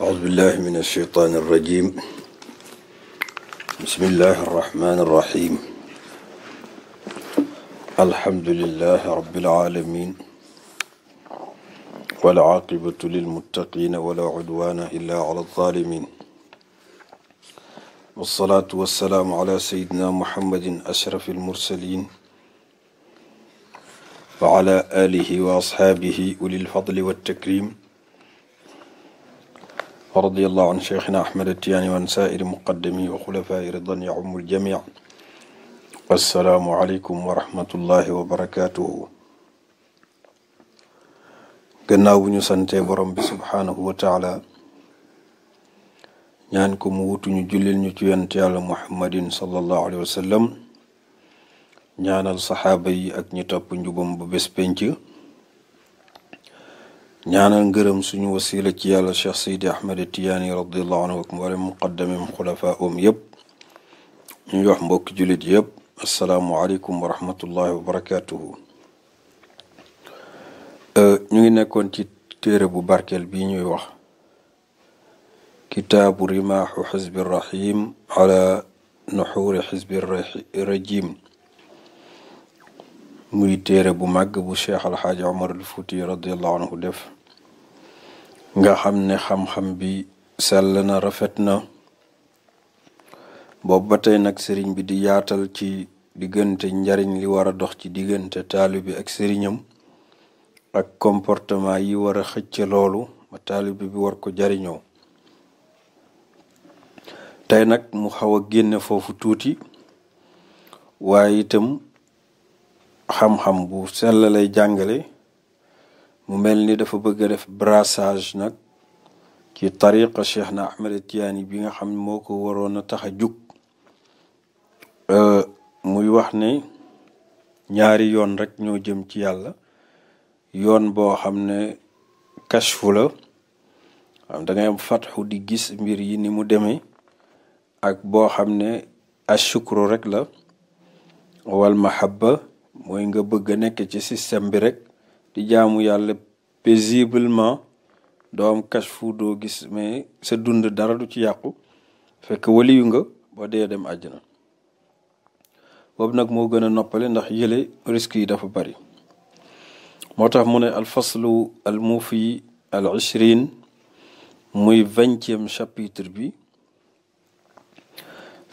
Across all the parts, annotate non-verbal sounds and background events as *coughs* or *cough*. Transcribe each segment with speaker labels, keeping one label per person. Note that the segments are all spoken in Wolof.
Speaker 1: أعوذ بالله من الشيطان الرجيم بسم الله الرحمن الرحيم الحمد لله رب العالمين والعاقبة للمتقين ولا عدوان إلا على الظالمين والصلاة والسلام على سيدنا محمد أشرف المرسلين وعلى آله وأصحابه أولي الفضل والتكريم wa radiyallahu an cheikhina ahmad atiyaani wa saairi muqaddami wa xulafaai ridan yaumul jamia wassalaamu aleykum wa rahmatullahi wa barakaatuhu gannaaw ñu santee borom bi subhaanahu wa taala ñaan ko mu wutuñu jullil ñu ci yonent yàlla muhammadin wa sallam ñaanal saxaaba yi ak ñi topp njubam bu ñaanal ngërëm suñu wasila ci yàlla cheikh seydi ahmed tiyaani radiallahu anhu ak mboolem muqaddamim xulafaa um yëpp ñuy wax mbokki jullit yëpp asalaamualeykum wa rahmatullahi wa barakatuhu euh, ñu ngi nekkoon ci téere bu barkeel bi ñuy wax kitaabu rimaaxu xizbi rahim ala nuxuuri xizbi rajim muy téere bu màgg bu cheikh alxaaji omar al fuuti radiallahu anhu def nga xam ne xam-xam bi sell na rafet na boobu ba tey nag sëriñ bi di yaatal ci diggante njariñ li war a dox ci diggante taalibi ak sëriñam ak comportement yi war a xëcce loolu ma taalibi bi war ko jariñoo tey nag mu xaw a génne foofu tuuti waaye itam xam-xam bu sell lay jàngale mu mel ni dafa bëgg a def brassage nag ci tariqa cheikh na ahmed tiyaani bi nga xam moo ko waroon a tax a jug euh, muy wax ne ñaari yoon rek ñoo jëm ci yàlla yoon boo xam ne kashfu la am da ngay am fatxu di gis mbir yi ni mu demee ak boo xam ne ashukru rek la wal mahabba mooy nga bëgg a nekk ci système bi rek di jaamu yàlla paisiblement doom am kashfu doo gis mais sa dund dara du ci yàqu fekk waliyu nga boo dee dem àjjana boobu nag moo gën a noppale ndax yële risques yi dafa bari moo tax mu ne alfaslu al mufi al muy vingtième chapitre bi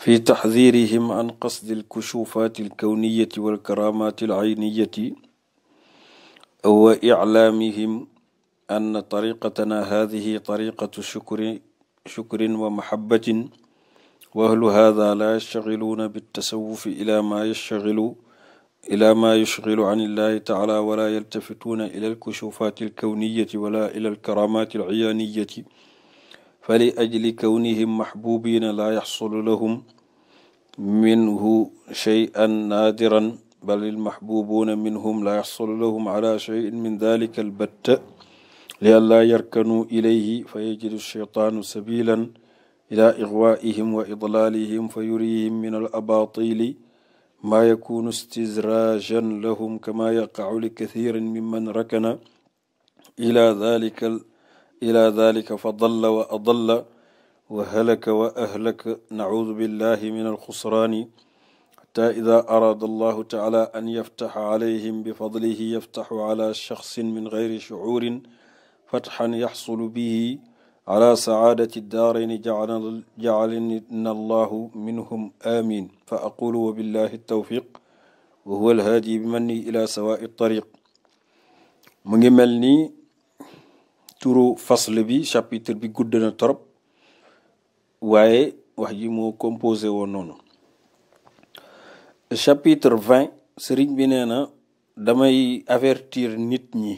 Speaker 1: fi taxdirihim an qasdi al kushufaati al kawniyati wal karaamaati al ayniyati wa iclaamihim anna tariqatana haadihi tariqatu shukrin shukrin wa mahabbatin wa ahlu haada laa yashtagiluuna bittasawufi ila maa yashtagilu ila maa yushgilu an illahi taala wala yaltafituuna ila alkushufaati alkawniyati wala ila alkaramaati alciyaaniyati fali ajli kawnihim maxbuubiina laa yaxsulu lahum minhu shay'an naadiran bal lilmaxbubuuna minhum laa yaxsulu lahum ala cheyin min dalika albatta li allaa yarkanuu ilayhi fa yajidu cheytaanu sabilan ila ixwaihim wa idlalihim fa yurihim min alabatili maa yakunu istizrajan lahum kama yaqacu likathirin miman rakana ila dalika ila dalika fa dalla wa adalla wa halaka wa ahlaka nacuudu billahi min alxusraani xatta ida araada allahu taala an yaftaxa alayhim bi fadlihi yaftaxu ala shaxsin min gayri shucuurin fatxan yaxsulu bihi ala sacaadati daarayni jacalana allahu minhum amin fa aqulu wa billahi tawfiq wa huwa alhaadi bi manni ila sawaai tariq mu ngi mel ni turu fasl bi chapitre bi gudd na torop waaye wax ji moo composé woon noonu chapitre vingt sëriñ bi nee na damay avertir nit ñi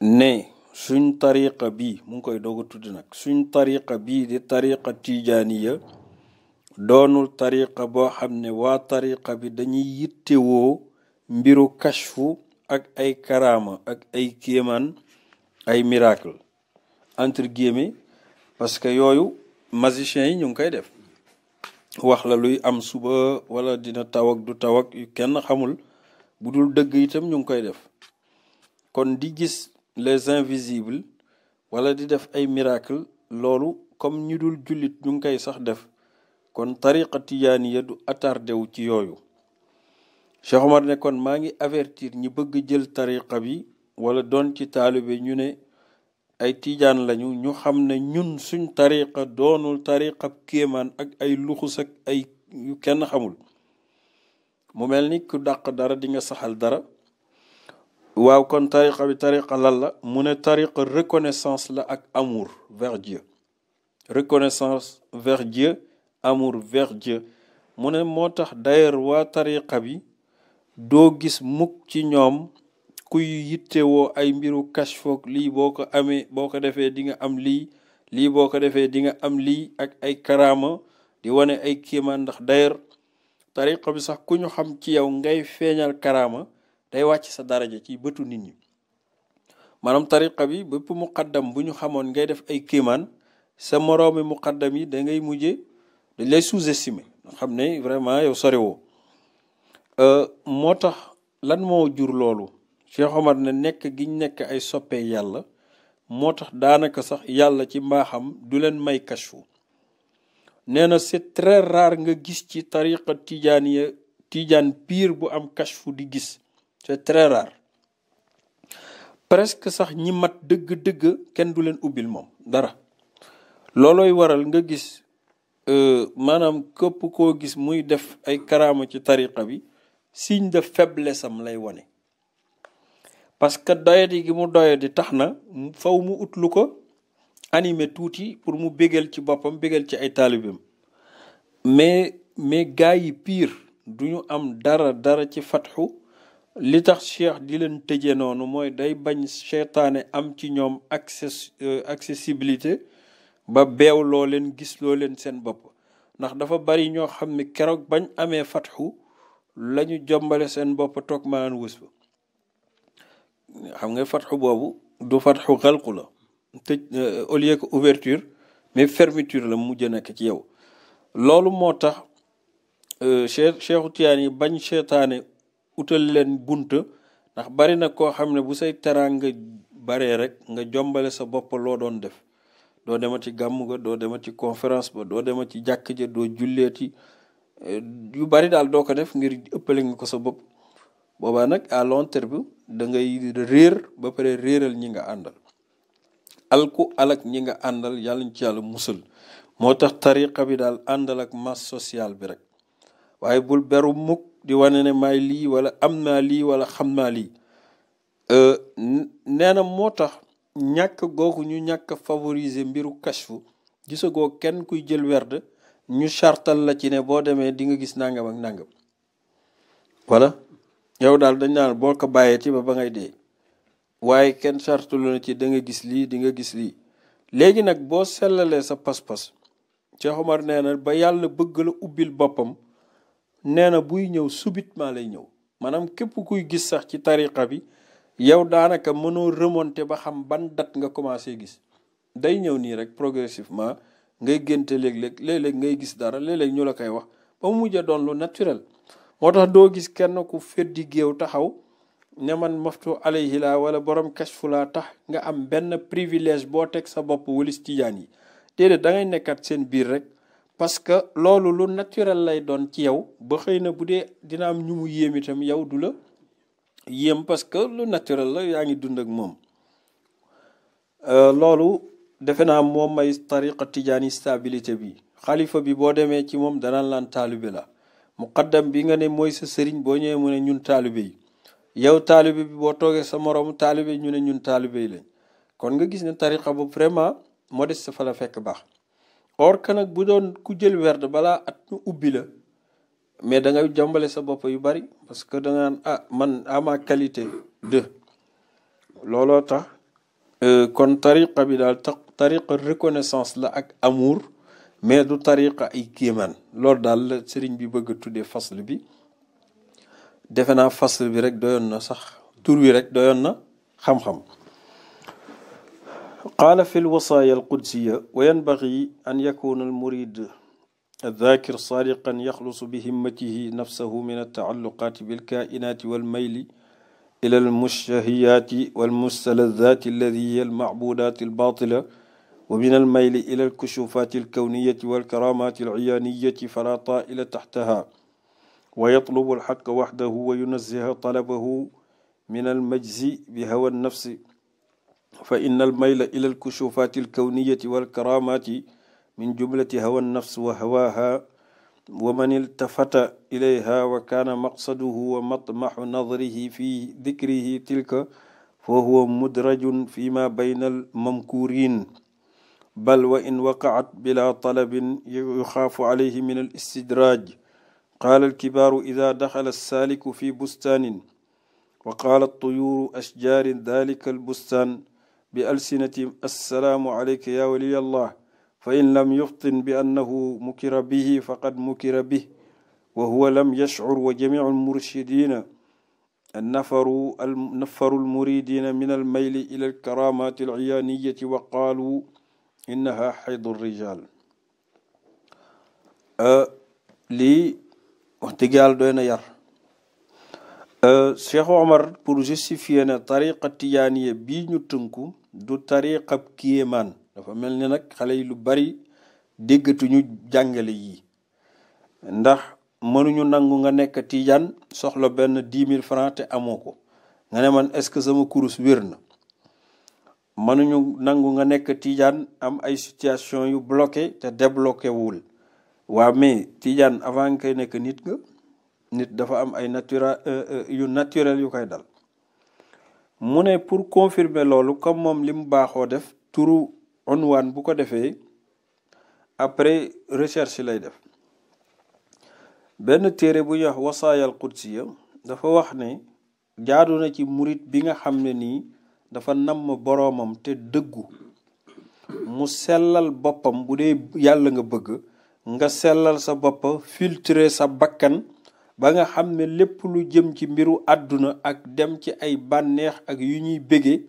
Speaker 1: ne suñ tariqa bi mu ngi koy doog a tudd nag suñ tariqa bii di tariqa tijaaniya doonul tariqa boo xam ne waa tariqa bi dañuy yittewoo mbiru kashfu ak ay karama ak ay kéemaan ay miracle entre guillemets parce que yooyu magiciens yi ñu ngi koy def wax la luy am suba wala dina taw ak du taw ak yu kenn xamul bu dul dëgg itam ñu ngi koy def kon di gis les invisibles wala di def ay miracle loolu comme ñi dul jullit ñu ngi koy sax def kon tariqa tijaaniya du attardé ci yooyu Cheikh ne kon maa ngi avertir ñi bëgg jël tariqa bi wala doon ci taalibe ñu ne ay tiijaan lañu ñu xam ne ñun suñ tariqa doonul tariqa kéemaan ak ay luxus ak ay yu kenn xamul mu mel ni ku dàq dara dinga saxal dara waaw kon tariqa bi tariqa lan la mu ne tariqa reconnaissance la ak amur vers Dieu reconnaissance vers Dieu amour mu ne moo tax d'ailleurs waa tariqa bi doo gis mukk ci ñoom kuy yittewoo ay mbiru kashfoog lii boo ko amee boo ko defee di nga am lii lii boo ko defee dinga am lii ak ay karaama di wane ay kéemaan ndax dayer tariqa bi sax ku ñu xam ci yow ngay feeñal karaama day wàcc sa daraja ci bëtu nit ñi maanaam tariqa bi bépp muqaddam bu ñu xamoon ngay def ay kéemaan sa moroomi muqaddam yi dangay ngay mujje dañ lay sous-estimer xam ne vraiment yow soriwoo euh, moo tax lan moo jur loolu Cheikh Omar ne nekk giñ nekk ay soppee yàlla moo tax daanaka sax yàlla ci mbaaxam du leen may kashfu nee na c'est très rare nga gis ci tariqa tijaaniya tijaan piir bu am kashfu di gis c'est très rare presque sax ñi mat dëgg-dëgg kenn du leen ubbil moom dara loolooy waral nga gis euh, maanaam képp koo gis muy def ay karaama ci tariqa bi signe de faiblesse am lay wane parce que doyadi gi mu doyadi tax na faw mu utlu ko animé tuuti pour mu bégal ci boppam bégal ci ay taalibeem mais mais gars yi piir du ñu am dara dara ci fatxu li tax cheikh di leen tëje noonu mooy day bañ seytaane am ci ñoom access euh, accessibilité ba beew loo leen gis loo leen seen bopp ndax dafa bari ñoo xam ne keroog bañ amee fatxu la ñu jombale seen bopp toog maanaan wës ba xam nga fatxu boobu du fat xalqu la tëj euh, au lieu ko ouverture mais fermeture la mujj nekk ci yow loolu moo tax euh, cheikh cheikhu tiyaan yi bañ seetaane utal leen bunta ndax bari na koo xam ne bu say teraanga baree rek nga jombale sa bopp loo doon def doo demati gàmm ga doo demati conférence ba doo demati jàkk ja doo julleeti euh, yu bari daal doo ko def ngir ëppale nga ko sa bopp boobaa nag à long dangay ngay réer ba pare réeral ñi nga àndal alku alak ñi nga àndal yàlla ñu ci yàlla musal moo tax tariqa bi daal àndal ak masse sociale bi rek waaye bul beru mukk di wane ne may lii wala am na lii wala xam naa lii euh, nee na moo tax ñàkk googu ñu ñàkk favoriser mbiru kashfu gisagoo kenn kuy jël werd ñu chartal la ci ne boo demee dinga gis nangam ak nangam wala yow daal dañ naan boo ko bàyyee ci ba ba ngay dee waaye kenn sartulu na ci danga gis lii di nga gis lii léegi nag boo sellalee sa pas-pas Cheikh Omar nee na ba yàlla bëgg la ubbil boppam nee na buy ñëw subitement lay ñëw maanaam képp kuy gis sax ci tariqa bi yow daanaka mënoo remonter ba xam ban date nga commencé gis day ñëw nii rek progressivement ngay génte léeg-léeg léeg-léeg ngay gis dara léeg-léeg ñu la koy wax ba mu mujj doon lu naturel moo tax doo gis kenn ku feddi géew taxaw ne man maftu alayhi laa wala borom kashfu laa tax nga am benn privilège boo teg sa bopp walis tijaan yi déedéet da ngay nekkat seen biir rek parce que loolu lu naturel lay doon ci yow ba xëy na bu dee dina am ñu mu yéem itam yow du la yéem parce que lu naturel la yaa ngi dund ak moom euh, loolu defe naa moom may tariqa tijaan yi stabilité bi xalifa bi boo demee ci moom danaan laan taalibe la muqaddam bi nga ne mooy sa sëriñ boo ñëwee mu ne ñun taalibe yi yow taalibe bi boo toogee sa moroomu taalibe ñu ne ñun taalibe yi lañ kon nga gis ne tariqa bu vraiment modeste fa la fekk baax or que nag bu doon ku jël werd balaa at ñu ubbi la mais da ngay jàmbale sa bopp yu bari parce que da nga naan ah, man ama qualité de looloo tax euh, kon tariqa bi daal tax tariqa reconnaissance la ak amour mais du tariqa ay kéemaan loolu daal sëriñ bi bëgg a tuddee fasl bi defe naa fasl bi rek doyoon na sax tur wi rek doyoon na xam-xam qaala fi lwasaaya alqudsiya wa yanbagi an yakuna almurid الذاكر صادقا يخلص بهمته نفسه من التعلقات بالكائنات والميل إلى المشتهيات والمستلذات الذي هي المعبودات الباطلة wa min al mayli ila al kushufaati al kawniyati wal karamaati al iyaaniyati fala taa'ila taxtaha wa yatlubu al xaqa waxdahu wa yunaziha talabahu min al majzi bi hawa nafsi fa inna al mayla ila al kushufaati al kawniyati wal karamaati min jumlati hawa nafs wa hawaaha wa man iltafata ilayha wa kaana maqsaduhu wa matmaxu nadrihi fi dikrihi tilka fa huwa mudrajun fi ma bayna al mamkuuriin bal wa in waqacat bila talabin yuxaafu alayhi min al istidraaj qaala alkibaaru ida daxala alsaaliku fi bustaanin wa qaala tuyuuru ashjaarin dalika albustaan bi alsinatihim assalaamu alayka ya waliy allah fa in lam yuftin bi annahu mukira bihi faqad mukira bih wa huwa lam yashcur wa jamicu almurshidina nafaru almuridina min almayli ila alkaraamaati alciyaaniyati wa qaaluu innaha xaydu rijal lii wax dëgg yàlla doy na yar Cheikh Omar pour justifier ne tariqa tijaaniya bii ñu tënku du tariqa kiyemaan dafa mel ni nag xale yi lu bari déggatuñu jàngale yi ndax mënuñu nangu nga nekk tijaan soxla benn dix mille francs te amoo ko nga ne man est-ce que sama kurus wér na mënuñu nangu nga nekk Tidiane am ay situation yu bloqué te débloqué wul waaw mais Tidiane avant nga koy nekk nit nga nit dafa am ay natura euh, euh, yu naturel yu koy dal mu ne pour confirmer loolu comme moom li mu baaxoo def turu onwaan bu ko defee après recherche lay def benn téere bu ñuy wax wasaayal qudsiya dafa wax ne jaadu na ci murit bi nga xam ne nii dafa namm boroomam te dëggu mu sellal boppam bu dee yàlla nga bëgg nga sellal sa bopp filtre sa bakkan ba nga xam ne lépp lu jëm ci mbiru àdduna ak dem ci ay bànneex ak yu ñuy bége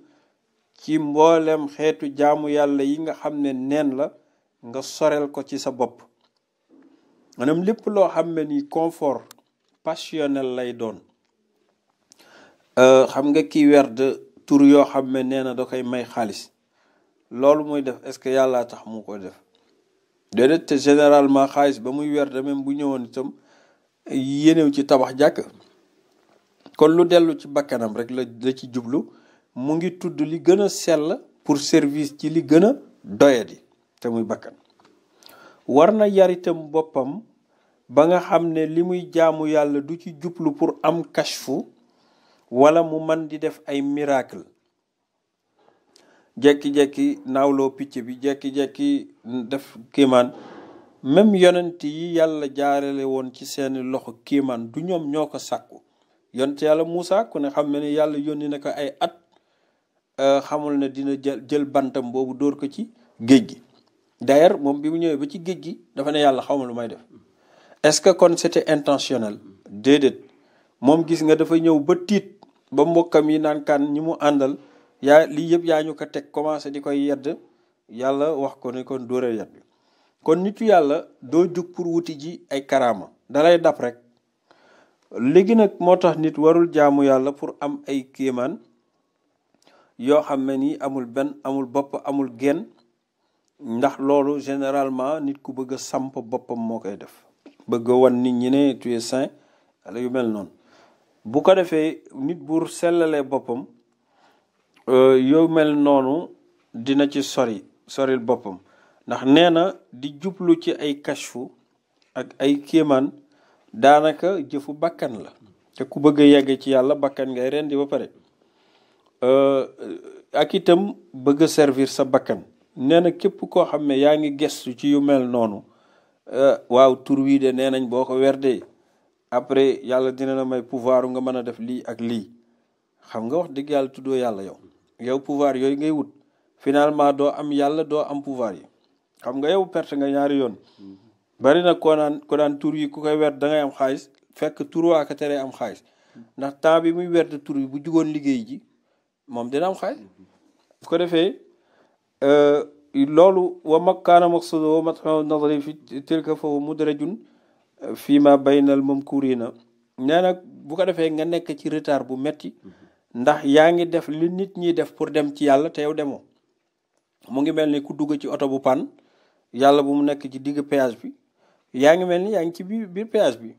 Speaker 1: ci mboolem xeetu jaamu yàlla yi nga xam ne neen la nga sorel ko ci sa bopp maanaam lépp loo xam ne ni confort passionnel lay doon euh, xam nga ki werd tur yoo xam ne nee na da koy may xaalis loolu muy def est-ce que yàlla tax mu ko def déedéet te généralement xaalis ba muy weer de même bu ñëwoon itam yéenew ci tabax jàkk kon lu dellu ci bakkanam rek la ci jublu mu ngi tudd li gën a sell pour service ci li gën a doyadi te muy bakkan war na yar itam boppam ba nga xam ne li muy jaamu yàlla du ci jublu pour am kashfu wala mu man di def ay miracle jekki-jekki naawloo picc bi jekki-jekki def kiimaan même yonent yi yàlla jaarale woon ci seeni loxo kiimaan du ñoom ñoo ko sàkku yonent yàlla Moussa ku ne xam ne ne yàlla yónni na ko ay at euh, xamul na dina jël jël bantam boobu dóor ko ci géej gi d'ailleurs moom bi mu ñëwee ba ci géej gi dafa ne yàlla xaw ma lu may def est-ce que kon c'était intentionnel déedéet moom gis nga dafa ñëw ba tiit ba mbokkam yi naan kan ñi mu àndal yaa lii yëpp yaa ñu ko teg commencé di koy yedd yàlla wax ko ne kon dóoral yat bi kon nitu yàlla doo jug pour wuti ji ay karaama dalay dab rek léegi nag moo tax nit warul jaamu yàlla pour am ay kéemaan yoo xam ne nii amul benn amul bopp amul genn ndax loolu généralement nit ku bëgg samp boppam moo koy def bëgg a wan nit ñi ne tu es saint wala yu mel noonu bu ko defee nit buur sellalee boppam euh, yow mel noonu dina ci sori soril boppam ndax nee na di jublu ci ay kashfu ak ay kéemaan daanaka jëfu bakkan la te ku bëgg yegg ci yàlla bakkan ngay di ba pare euh, ak itam bëgg a servir sa bakkan nee na képp koo xam ne yaa ngi gestu ci yu mel noonu euh, waaw tur wii de nee nañ boo ko werdee après yàlla dina la may pouvoir nga mën a def lii ak lii xam nga wax dëgg yàlla tuddoo yàlla yow yow pouvoir yooyu ngay wut finalement doo am yàlla doo am pouvoir yi xam nga yow perte nga ñaari yoon bari na ko naan ko naan yi ku koy werd da am xaalis fekk tur waa ko teree am xaalis ndax temps bi muy werd tour yi bu jugoon liggéey ji moom dina am xaalis ko defee euh, loolu wa makkaana maqsudu wa matxu nadari fi tilka foofu mudrajun fii ma moom mamkurina nee na bu ko defee nga nekk ci retard bu metti ndax yaa ngi def li nit ñi def pour dem ci yàlla te yow demoo mu ngi mel ni ku dugg ci oto bu pan yàlla bu mu nekk ci digg péage bi yaa ngi mel ni yaa ci biir biir bi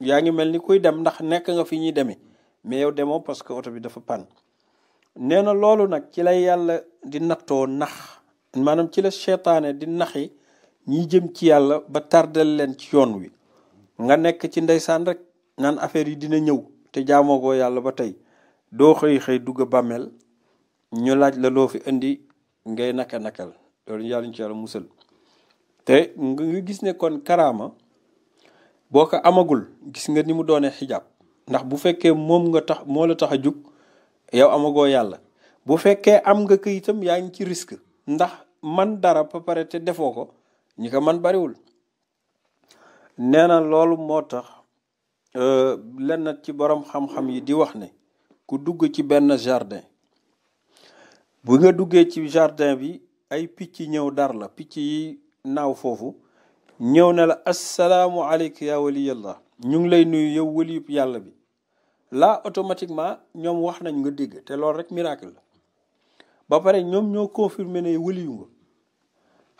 Speaker 1: yaa ngi mel ni kuy dem ndax nekk nga fi ñuy demee mais yow demo parce que oto bi dafa pan nee na loolu nag ci lay yàlla di nattoo nax maanaam ci la seetaane di naxi ñi jëm ci yàlla ba tardal leen ci yoon wi nga nekk ci ndeysaan rek naan affaire yi dina ñëw te jaamoo yàlla ba tey doo xëy xëy dugg a bàmmeel ñu laaj la loo fi indi ngay naka nakal loolu yàlla ñu ci yàlla musal te nga gis ne kon karaama boo ko amagul gis nga ni mu doonee xijaab ndax bu fekkee moom nga moo la tax a jug yow amagoo yàlla bu fekkee am nga këyitam yaa ngi ci risque ndax man dara ba pare te defoo ko ñi ko man bariwul nee na loolu moo tax euh, lenn ci borom xam-xam yi di wax ne ku dugg ci benn jardin bu nga duggee ci jardin bi ay picc ñëw dar la picc yi naaw foofu ñëw ne la asalaamu aleyka yaa waliyallah ñu ngi lay nuyu yow waliyub yàlla bi là automatiquement ñoom wax nañ nga dégg te loolu rek miracle la ba pare ñoom ñoo confirmé ne waliyu nga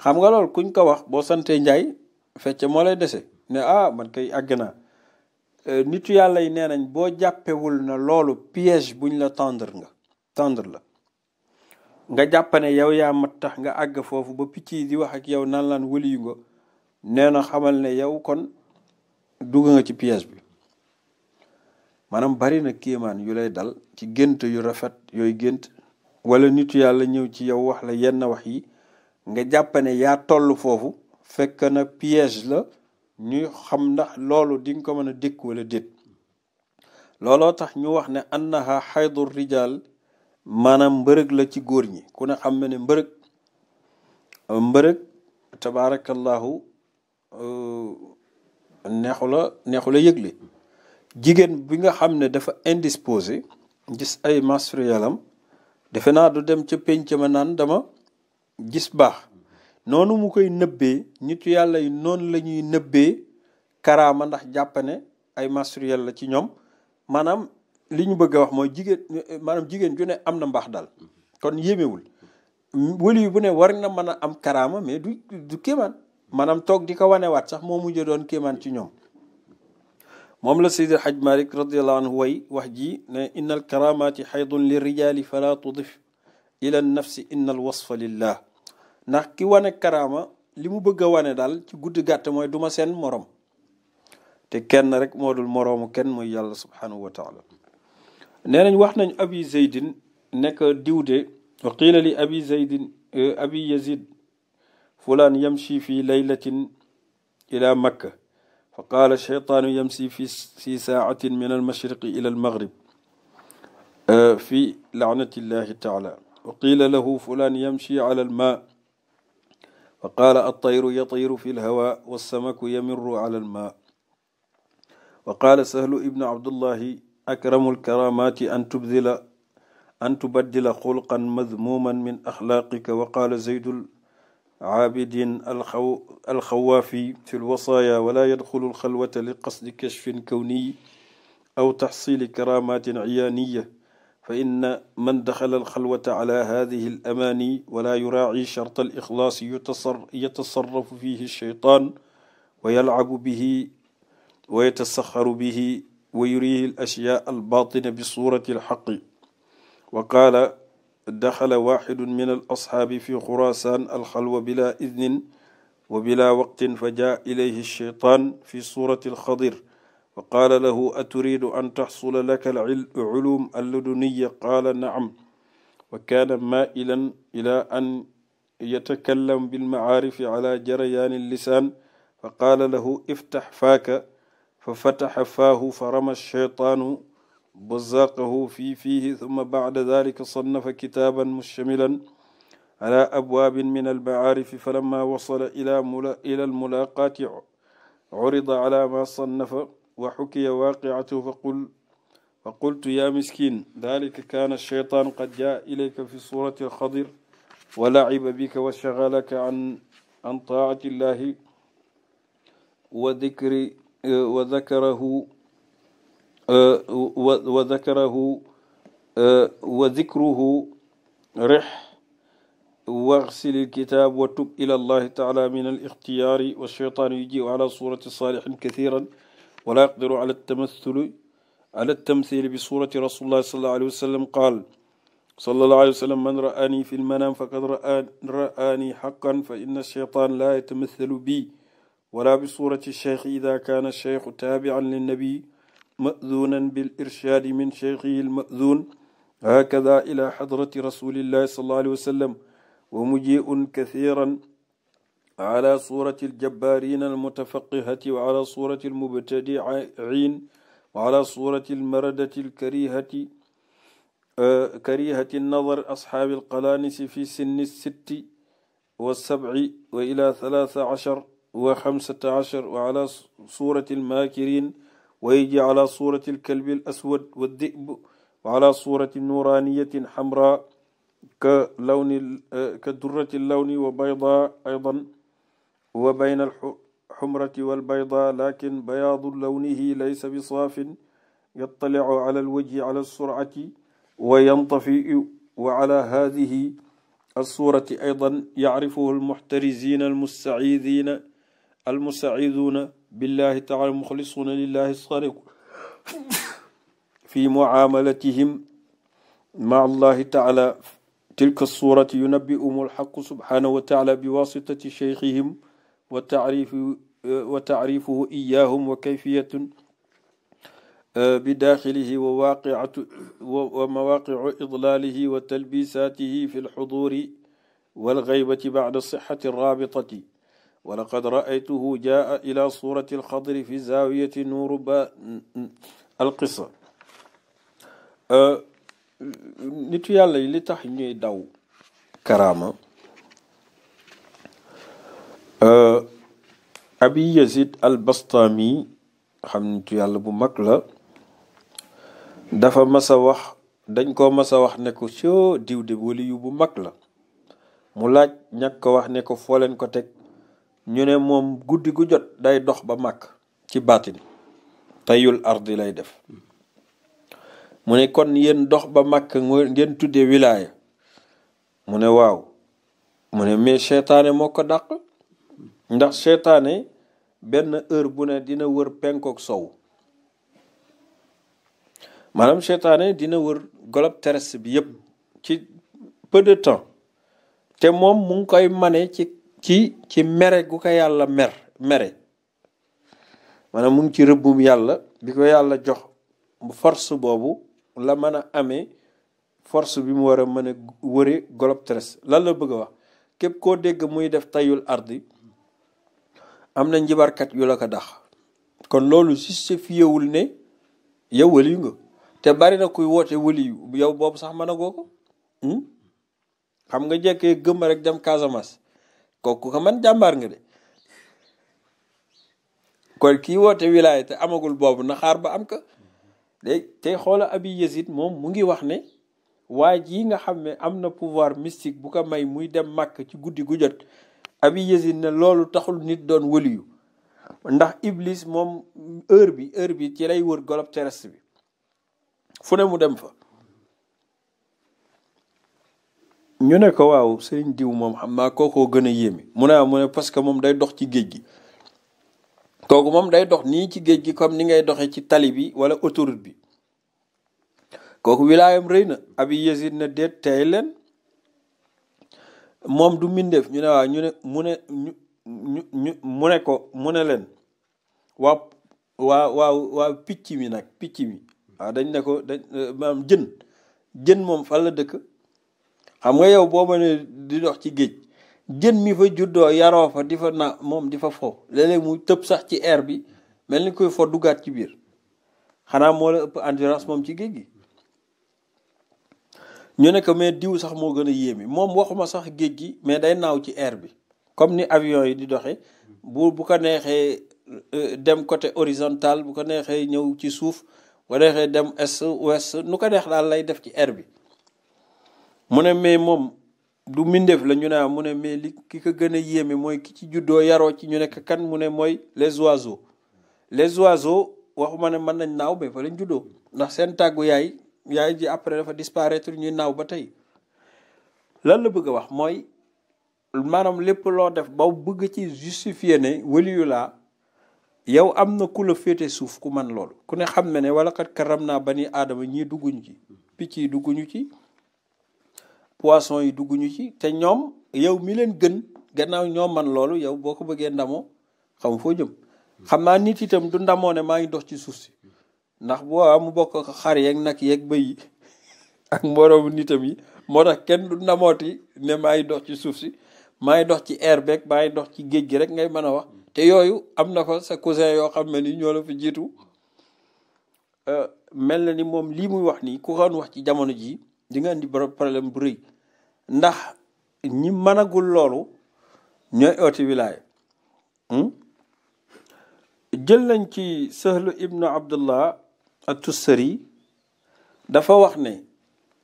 Speaker 1: xam nga loolu kuñ ko wax boo santee njaay fecc moo lay dese ne ah man kay àgg naa euh, nitu yàlla yi nee nañ boo jàppewul na loolu piege buñ la tendre nga tendre la nga jàpp ne yow yaa mat tax nga àgg foofu ba picc yi di wax ak yow nan laan wëliyu nga nee na xamal ne yow kon dugg nga ci piège bi maanaam bari na kéemaan yu lay dal ci gënt yu rafet yooyu gént wala nitu yàlla ñëw ci yow wax la yenn wax yi nga jàppane yaa toll foofu fekk na piège la ñuy xam ndax loolu di nga ko mën a dékk wala déet looloo tax ñu wax ne annaha xaydu rijal maanaam mbërëg la ci góor ñi ku ne xam na ne mbërëg mbërëg tabaarakallahu euh, neexu la neexu la yëgle jigéen bi nga xam ne dafa indisposé gis ay menstruelam defe naa du dem ca pénc ma naan dama gis baax noonu mu koy nëbbee nitu yàlla yi noonu la ñuy nëbbee karaama ndax jàpp ne ay menstruel la ci ñoom maanaam li ñu bëgg a wax mooy jigéen maanaam jigéen ju ne am na mbax daal kon yéemewul wëli bu ne war na mën a am karaama mais du du kéemaan maanaam toog di ko wanewaat sax moo mujj doon kéemaan ci ñoom moom la Seydi Haj Malik radiallahu anhu way wax ji ne inna al karamati xaydun li rijaali fala tudif ila an nafsi inna al wasfa lillah ndax ki wane karaama li mu bëgg a wane daal ci guddi gàtt mooy duma seen morom te kenn rek moo dul moroomu kenn muy yàlla subhanahu wa taala nee nañ wax nañ abi zeydin nekk diwde wa qiila li abi zeydin eh, abi yazid fulaan yamshi fi laylatin ila makka fa qaala cheytaanu yamsi fi si saatin min almashriqi ila almagrib eh, fi laanatillahi taala wa qiila lahu fulaan yamshi ala alma fa qaala altayru yatiru fi lhawa walsamaku yamiru ala almaa wa qaala sahlu ibnu abdullahi akramu alkaramati an tubdila an tubaddila xulqan madmuman min axlaaqika wa qaala zaydu caabidin alxawaafi fi lwasaaya wala yadxulu alxalwata li qasdi kashfin kawniy aw taxsili karamatin ciyaaniya fa inna man daxala alxalwata ala hadihi alamaani wala yuraaci shart alixlaas yatasarrafu fihi alcheytaan wa yalcabu bihi wa yatasaxaru bihi wa yurihi alasyaa albaatina bisurati alxaqi wa qaala daxala waaxidu min alasxaabi fi xuraasaan alxalwa bila idnin wa bila waqtin fa jaa ilayhi alcheytaan fi surati alxadir wa qaala lahu aturidu an taxsula laka alculum alluduniya qaala naam wa kaana mailan ila an yatakallam bilmacaarifi ala jarayaani lisaan fa qaala lahu iftax faaka fa fataxa faahu fa rama sheytaanu bazaaqahu fi fiihi summa bacda dalika sannafa kitaaban mushtamilan ala abwaabin min almacaarifi falamma wasala ila almulaaqaati curida ala ma sannafa وحكي واقعته فقل فقلت يا مسكين ذلك كان الشيطان قد جاء إليك في صورة الخضر ولعب بك وشغلك عن عن طاعة الله وذكر وذكره وذكره وذكره رح واغسل الكتاب وتب إلى الله تعالى من الاختيار والشيطان يجيء على صورة صالح كثيرا ولا يقدر على التمثل على التمثيل بصورة رسول الله صلى الله عليه وسلم قال صلى الله عليه وسلم من رآني في المنام فقد رآني حقا فإن الشيطان لا يتمثل بي ولا بصورة الشيخ إذا كان الشيخ تابعا للنبي مأذونا بالإرشاد من شيخه المأذون هكذا إلى حضرة رسول الله صلى الله عليه وسلم ومجيء كثيرا ala surati aljabbaarin almutafaqihati wa ala surati almubtadiin wa ala surati almaradati alkarihati karihati nadar asxaabi alqalaanisi fi sinni sitti wa sabci wa ila talaata cashar wa xamsata cashar wa ala surati almaakirin wa yajji ala surati alkalbi alaswad waddib wa ala surati nuuraaniyatin xamraa ka lawni ka durrati allawni wa baydaa aydan huwa bayna alxumrati walbayda lakin bayaadu lawnihi laysa bi saafin yattalicu ala alwajhi ala alsurcati wa yantafiu wa ala hadihi alsurati aydan yacrifuhu almuxtarizina almustaciidina almustaciiduuna billahi taala muxlisuuna lillahi sariqu fi mucaamalatihim maca allahi taala tilka surati yunabi'uhum alxaqu subxaanahu wa taala biwasitati sheykhihim wa taarifu eh, wa taarifuhu iyaahum wa kayfiyatun eh, bi daaxilihi wa waaqiatu wa mawaaqicu idlaalihi wa talbiisaatihi fi lxuduuri walgaybati bacda sixati raabitati wa laqad raaytuhu jaa ila suurati alxadri fi zaawiyati nuuruba alqissa eh, nitu yàlla yi li tax ñuy daw karaama Euh, abi yazid al bastami xam nitu yàlla bu mag la dafa mas wax dañ koo mas a wax ne ko soo diw de bu mag la mu laaj ñàkk ko wax ne ko fooleen ko teg ñu ne moom guddi gu jot day dox ba mag ci baatin teyul ardi lay def mu ne kon yéen dox ba màkk ngeen tuddee wilaaya mu ne waaw mu ne mais seytaane moo ko dàq ndax seytaane benn heure bu ne dina wër penkook sow maanaam seytaane dina wër golop terrestre bi yëpp ci peu de temps te moom mu ngi koy mane ci ci ci mere gu ko yàlla mer mere maanaam mu ngi ci rëbbum yàlla bi ko yàlla jox force boobu la mën ame force bi mu war a mën a wëre globe terrestre lan la bëgg a wax képp koo dégg muy def tayul ardi am na njibarkat yu la ko dax kon loolu justifié wul ne yow wëliyu nga te bari na kuy woote wëliyu yow boobu sax mën a hmm? xam nga jëkk gëmm rek dem Casamance kooku ko man jàmbaar nga de kon kii woote wilaay te amagul boobu na xaar ba am ka léegi tey xoola abi Yazid moom mu ngi wax ne waa ji nga xam ne am na pouvoir mystique bu ko may muy dem màkk ci guddi gu jot abi yazid ne loolu taxul nit doon wëliyu ndax iblis moom heure bi heure bi ci lay wër golob terrestre bi fu ne mu dem fa ñu ne ko waaw sëriñ diw moom xam naa kookoo gën a yéeme mu ne mu parce que moom day dox ci géej gi kooku moom day dox nii ci géej gi comme ni ngay doxee ci tali bi wala autoroute bi kooku wilaayam rëy na ab yazid na déet tey leen moom du mbindeef ñu ne waaw ñu ne mu ne ñu ñu mu ne ko mu ne leen waa waa waa waa picc mi nag picc mi waaw dañ ne ko dañ euh, maam jën jën moom fan la dëkk xam nga yow boo mënee di dox ci géej jën mi fa juddoo yaroo fa di fa na moom di fa fo léeg mu tëb sax ci air bi mel ni koy fo duggaat ci biir xanaa moo la ëpp endurance moom ci géej gi ñu ne ko mais diw sax moo gën a yéem yéeme moom waxuma sax géej gi mais day naaw ci air bi comme ni avion yi di doxe bu bu ko neexee euh, dem côté horizontal bu ko neexee ñëw ci suuf bu ko dem est ouest nu ko neex daal lay def ci air bi mu ne mais moom du mbindeef la ñu ne mu ne mais li ki ko gën a yéeme mooy ki ci juddoo yaroo ci ñu nekk kan mu ne mooy les oiseaux les oiseaux waxuma ne mën nañ naaw mais fa lañ juddoo ndax seen tàggu yaay yaay ji après dafa disparaître ñuy naaw ba tey lan la bëgg a wax mooy maanaam lépp loo def ba bëgg ci justifier ne waliyu laa yow am na ku la féete suuf ku man loolu ku ne xam na ne wala kat karam naa ba ni aadama ñii dugguñu ci picc yi dugguñu ci poisson yi dugguñu ci te ñoom yow mi leen gën gannaaw ñoo man loolu yow boo ko bëggee ndamoo xam foo jëm xam naa nit itam du ndamoo ne maa ngi dox ci suuf si ndax boo waa mu bokk xar yeeg nag yeeg bëy yi ak mboroomu nitam yi moo tax kenn du namooti ne maa ngi dox ci suuf si maa ngi dox ci air beeg maa dox ci géej gi rek ngay mën a wax te yooyu am na ko sa cousin yoo xam ne ni ñoo la fi jiitu euh, mel na ni moom lii muy wax nii ku xawoon wax ci jamono jii di nga indi problème bu rëy ndax ñi mënagul loolu ñooy ooti wilaay hmm? jël nañ ci sëhlu ibnu abdullah ak Tusari dafa wax ne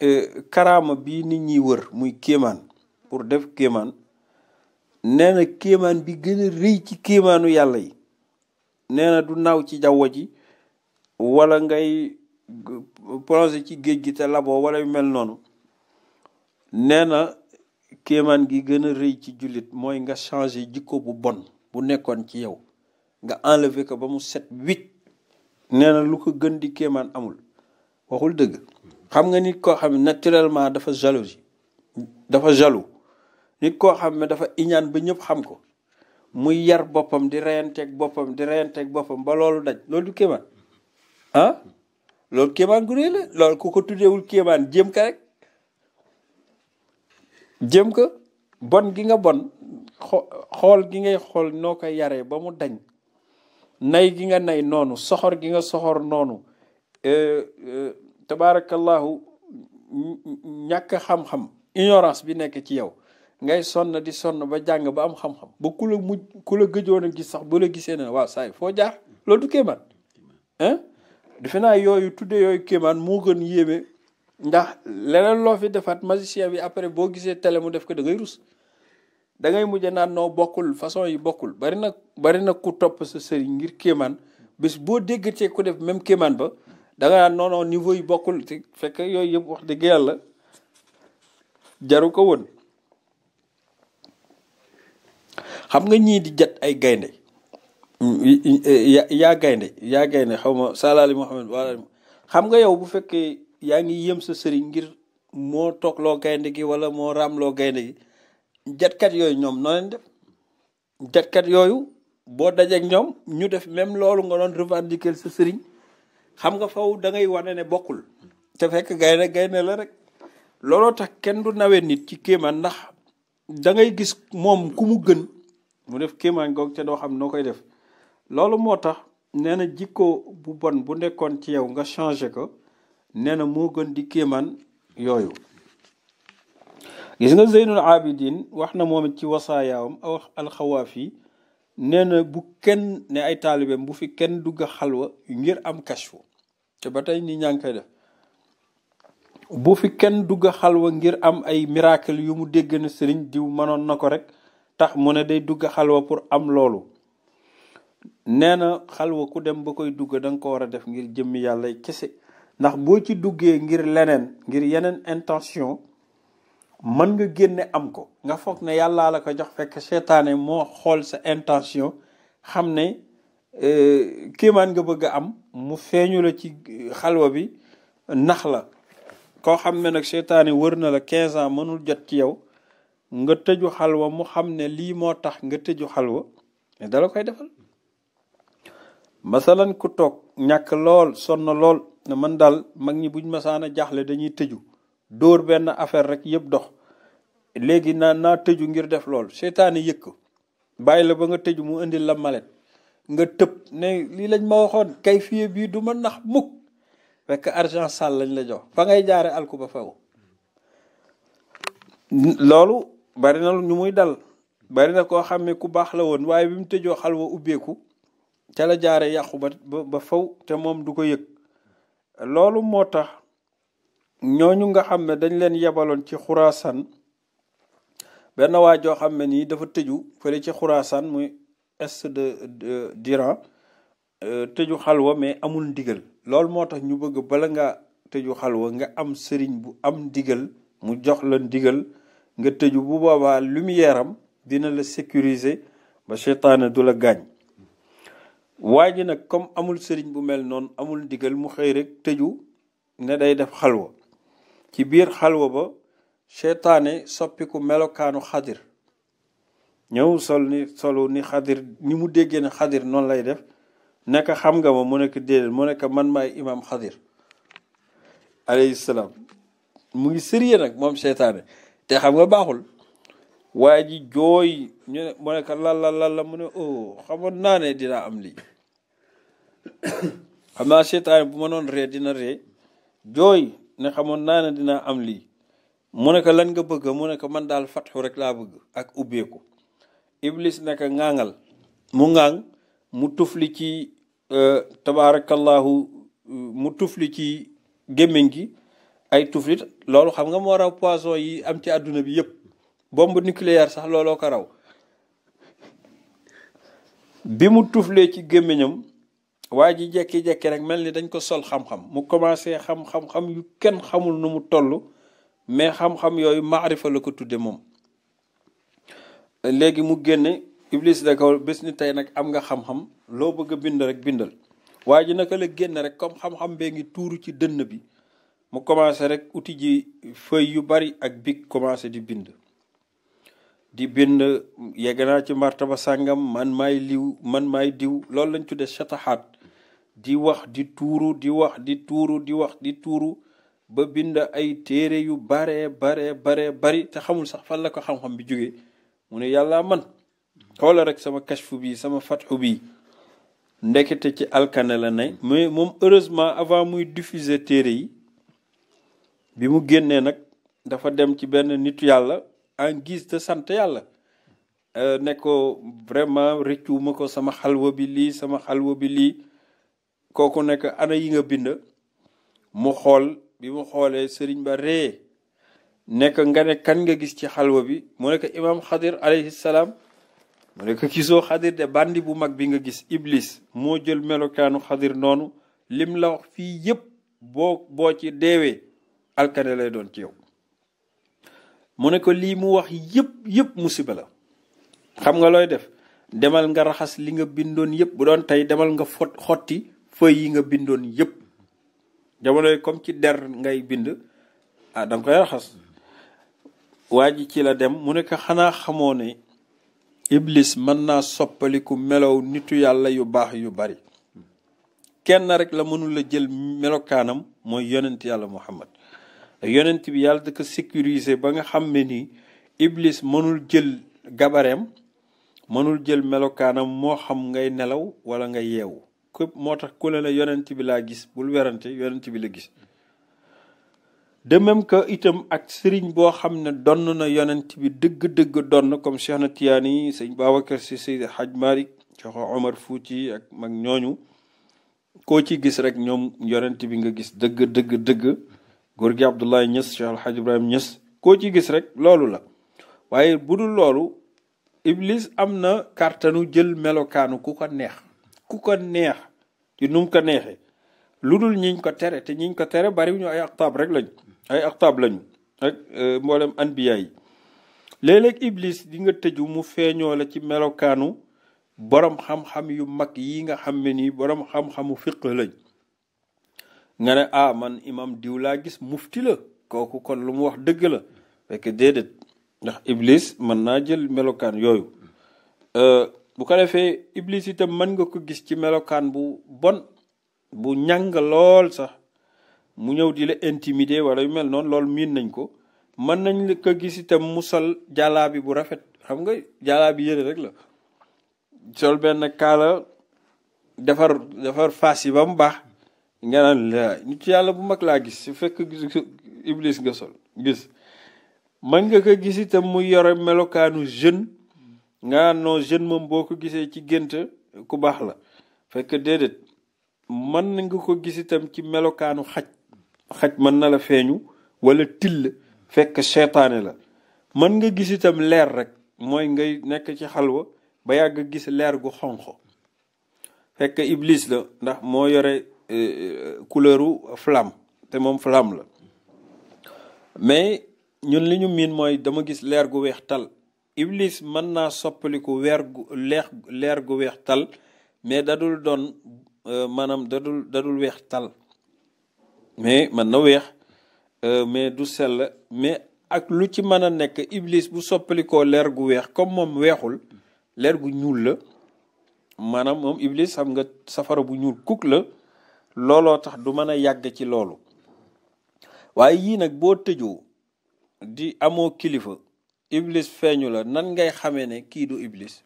Speaker 1: euh, karaama bi nit ñi wër muy kéemaan pour def kéemaan nee na kéemaan bi gën rëy ci kéemaanu yàlla yi nee na du naaw ci jaww ji walla ngay plongé ci géej gi te labo wala yu mel noonu nee na kéemaan gi gën a rëy ci jullit mooy nga changé jikko bu bon bu nekkoon ci yow nga enlever ko ba mu set wicc nee na lu ko gën di kéemaan amul waxul dëgg xam nga nit koo xam ne naturellement dafa jalousie dafa jaloux nit koo xam ne dafa iñaan ba ñëpp xam ko muy yar boppam di reyanteeg boppam di reyanteeg boppam ba loolu daj loolu du kéemaan ah loolu kéemaan gu rëy la ku ko tuddeewul kéemaan jëm ka rek jéem ka bon gi nga bon xool gi ngay xool noo koy yaree ba mu dañ nay gi nga nay noonu soxor gi nga soxor noonu e, e, tabaarakallahu ñàkk xam-xam ignorance bi nekk ci yow ngay sonn di sonn ba jàng ba am xam-xam ba ku la mujj a gis sax bu la gisee ne waaw saay foo jaar loolu du kéemaan defe naa yooyu tuddee yooyu kéemaan moo gën yéeme ndax leneen loo fi defaat magicien bi après boo gisee télé mu def ko da rus dangay ngay mujj naan noo bokkul façon yi bokkul bari na bari na ku topp sa sëriñ ngir kéemaan bis boo déggatee ku def même kéemaan ba da nga naan niveau yi bokkul te fekk yooyu yëpp wax dëgg yàlla jaru ko woon. xam nga ñii di jat ay gaynde yaa gaynde yaa xaw ma salaali Muhammad wala xam nga yow bu fekkee yaa ngi yëm sa sëriñ ngir moo toogloo gaynde gi wala moo raamloo gaynde gi jatkat yooyu ñoom noo leen def jetkat yooyu boo dajeek ñoom ñu def même loolu nga doon revendiquer sa sëriñ xam nga faw da ngay wane ne bokkul te fekk gaynde gaynde la rek looloo tax kenn du nawee nit ci kéemaan ndax da ngay gis moom ku mu gën mu def kéemaan goog te doo xam noo koy def loolu moo tax nee na jikko bu bon bu nekkoon ci yow nga changé ko nee na moo gën di kéemaan yooyu gis nga zeynul abidin wax na moom ci wasaayaawam aw alxawaaf yi nee na bu kenn ne ay taalibeem bu fi kenn dugg xalwa ngir am kashfu te ba tey ni ñaa ngi bu fi kenn dugg xalwa ngir am ay miracle yu mu dégg na sëriñ diw mënoon na ko rek tax mu ne day dugg xalwa pour am loolu nee na xalwa ku dem ba koy dugg danga ko war a def ngir jëmmi yàlla kese ndax boo ci duggee ngir leneen ngir yeneen intention mën nga génne am ko nga foog ne yàllaa la ko jox fekk seetaane moo xool sa intention xam ne euh, kéemaan nga bëgg a am mu feeñu la ci xalwa bi nax la koo xam ne nag seetaane wër na la quinze ans mënul jot ci yow nga tëju xalwa mu xam ne lii moo tax nga tëju xalwa mais dala koy defal masalan ku toog ñàkk lool sonn lool ne man daal mag ñi buñ a jaaxle dañuy tëju dóor benn affaire rek yëpp dox léegi naa naa tëju ngir def lool seytaane yëg ko bàyyi la ba nga tëju mu indi la malet nga tëb ne lii lañ ma waxoon kay fii bii du ma nax mukk rekk argent sale lañ la jox fa ngay jaare alku ba faw loolu bari na muy dal bari na koo xam ne ku baax la woon waaye bi mu tëjoo xalwa ubbeeku ca la jaare yàqu ba ba faw te moom du ko yëg loolu moo tax ñooñu nga xam ne dañ leen yebaloon ci xuraasan benn waa joo xam ne nii dafa tëju fële ci xuraasan muy est de d'Iran euh, tëju xalwa mais amul ndigal loolu moo tax ñu bëgg bala nga tëju xalwa nga am sëriñ bu am ndigal mu jox la ndigal nga tëju bu boobaa lumière dina la sécuriser ba seytaane du la gaañ waa ji nag comme amul sëriñ bu mel noonu amul ndigal mu xëy rek tëju ne day def xalwa ci biir xalwa ba seytaane soppiku melokaanu xadir ñëw sol ni solu ni xadir ni mu déggee ne xadir noonu lay def nekk xam nga ma mu nekk déedéet mu nekk man maay imaam xadir alayhi salaam mu ngi sëriye nag moom seytaane te xam nga baaxul waaye ji jooy ñu ne mu nekk la la la mu ne oh xamoon naa ne dinaa am lii *coughs* xam naa seytaane bu ma noon ree dina ree jooy ne xamoon naa ne dinaa am lii mu ne ko lan nga bëgg mu ne ko man daal fatxu rek laa bëgg ak ubbeeku iblis ne ko mu ŋaaŋ mu tuuf lii ci euh, tabaarakallahu mu tufli ci gémmiñ gi ay tuflit loolu xam nga moo raw poison yi am ci àdduna bi yëpp bombe nucléaire sax looloo ko raw bi mu tuflee ci gémmiñam waa ji jekki-jekki rek mel ni dañ ko sol xam-xam mu commencé xam xam yu kenn xamul nu mu toll mais xam-xam yooyu maarifa la ko tudde moom léegi mu génne iblis da ko bés ni tey nag am nga xam-xam loo bëgg a bind rek bindal waa ji nag la génne rek comme xam-xam bee ngi tuuru ci dënn bi mu commencé rek uti ji feuille yu bari ak bic commencé di bind di bind yegg naa ci ba sàngam man may liw man may diw loolu lañ tuddee chataxaat di wax di tuuru di wax di tuuru di wax di tuuru ba bind ay téere yu bare baree baree bari te xamul sax fan la ko xam-xam bi jógee mu ne yàlla man xoola rek sama kashfu bi sama fat bi ndekete ci alkane la ne mais moom heureusement avant muy diffuser téere yi bi mu génnee nag dafa dem ci benn nitu yàlla en gis de sant yàlla euh, ne ko vraiment rëccuwuma ko sama xalwa bi lii sama xalwa bi lii kooku nekk ana yi nga bind mu xool bi mu xoolee sëriñ ba ree nekk nga ne kan nga gis ci xalwa bi mu nekk imam xadir alayhi salaam mu nekk gisoo xadir de bandi bu mag bi nga gis iblis moo jël melokaanu xadir noonu lim la fii yëpp boo boo ci deewee alkane lay doon ci mu ne ko lii mu wax yëpp yëpp musiba la xam nga looy def demal nga raxas li nga bindoon yëpp bu doon tey demal nga fot feuilles yi nga bindoon yëpp jamonoy comme ci der ngay bind ah da koy raxas waa ji ci la dem mu ne ko xanaa xamoo ne iblis mën naa soppaliku melow nitu yàlla yu baax yu bari kenn rek la mënula jël melokaanam mooy yonent yàlla muhammad yonent bi yàlla da ko sécuriser ba nga xam ne nii iblis mënul jël gabareem mënul jël melokaanam moo xam ngay nelaw wala nga yeewu képp moo tax ku ne la yonent bi laa gis bul werante yonent bi la gis de même itam ak sëriñ boo xam ne donn na yonent bi dëgg-dëgg donn comme Cheikh na Tiyaani sëñ Babacar Si Seydi Haj Malik Cheikh Omar Fouti ak mag ñooñu koo ci gis rek ñoom yonent bi nga gis dëgg dëgg dëgg góor gi Abdoulaye Niass Cheikh El Ibrahim Niass koo ci gis rek loolu la waaye bu dul loolu Iblis am na kàttanu jël melokaanu ku ko neex ku ko neex ci nu ko neexee lu dul ñiñ ko tere te ñiñ ko tere bariwuñu ay aqtaab rek lañ ay aqtaab lañu ak euh, mboolem an yi léeg iblis di nga tëju mu feeñoo la ci melokaanu borom xam-xam yu mag yi nga xam ne nii boroom xam-xamu fiq lañ nga ne ah man imam diw laa gis mufti la kooku kon lu mu wax dëgg la fekk déedéet ndax iblis mën naa jël melokaan yooyu euh, bu ko defee iblis itam mën nga ko gis ci melokaan bu bon bu ñàng lool sax mu ñëw di la intimider wala yu mel noon lool miin nañ ko mën nañ ko gis itam mu sol jàllaabi bu rafet xam nga jalaabi yére rek la sol benn kaala defar defar faas yi ba mu baax nga naan laa nit yàlla bu mag laa gis ci fekk gis iblis nga sol gis mën nga ko gis itam mu yore melokaanu jeune nga naan jeune moom boo ko gisee ci gént ku baax la fekk déedéet mën nga ko gis itam ci melokaanu xaj xaj mën na la feeñu wala till fekk seetaane la mën nga gis itam leer rek mooy ngay nekk ci xalwa ba yàgg gis leer gu xonq fekk iblis la ndax moo yore eh, eh, couleuru flamme te moom flamme la mais ñun li ñu miin mooy dama gis leer gu weex tal iblis mën naa soppaliku weer gu leex leer gu weex tal mais dadul doon euh, maanaam dadul dadul weex tal mais mën na weex euh, mais du sell mais ak lu ci mën a nekk iblis bu soppalikoo leer gu weex comme moom weexul leer gu ñuul la maanaam moom iblis xam nga safara bu ñuul kuk la looloo tax du mën a yàgg ci loolu waaye yii nag boo tëjoo di amoo kilifa iblis feeñu la nan ngay xamee ne kii du iblis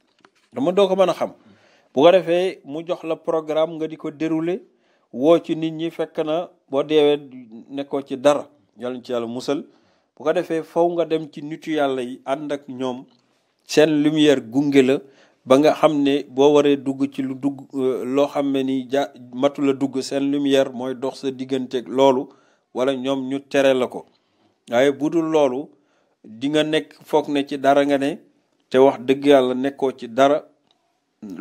Speaker 1: dama doo ko mën a xam bu ko defee mu jox la programme nga di ko dérouler woo ci nit ñi fekk na boo deewee nekkoo ci dara yàlla ci yàlla musal bu ko defee fow nga dem ci nitu yàlla yi ànd ak ñoom seen lumière gunge la ba nga xam ne boo waree dugg ci lu dugg euh, loo xam ne ni ja matu la dugg seen lumière mooy dox sa digganteeg loolu wala ñoom ñu tere la ko waaye bu dul loolu dinga nekk foog na ci dara nga ne te wax dëgg yàlla nekkoo ci dara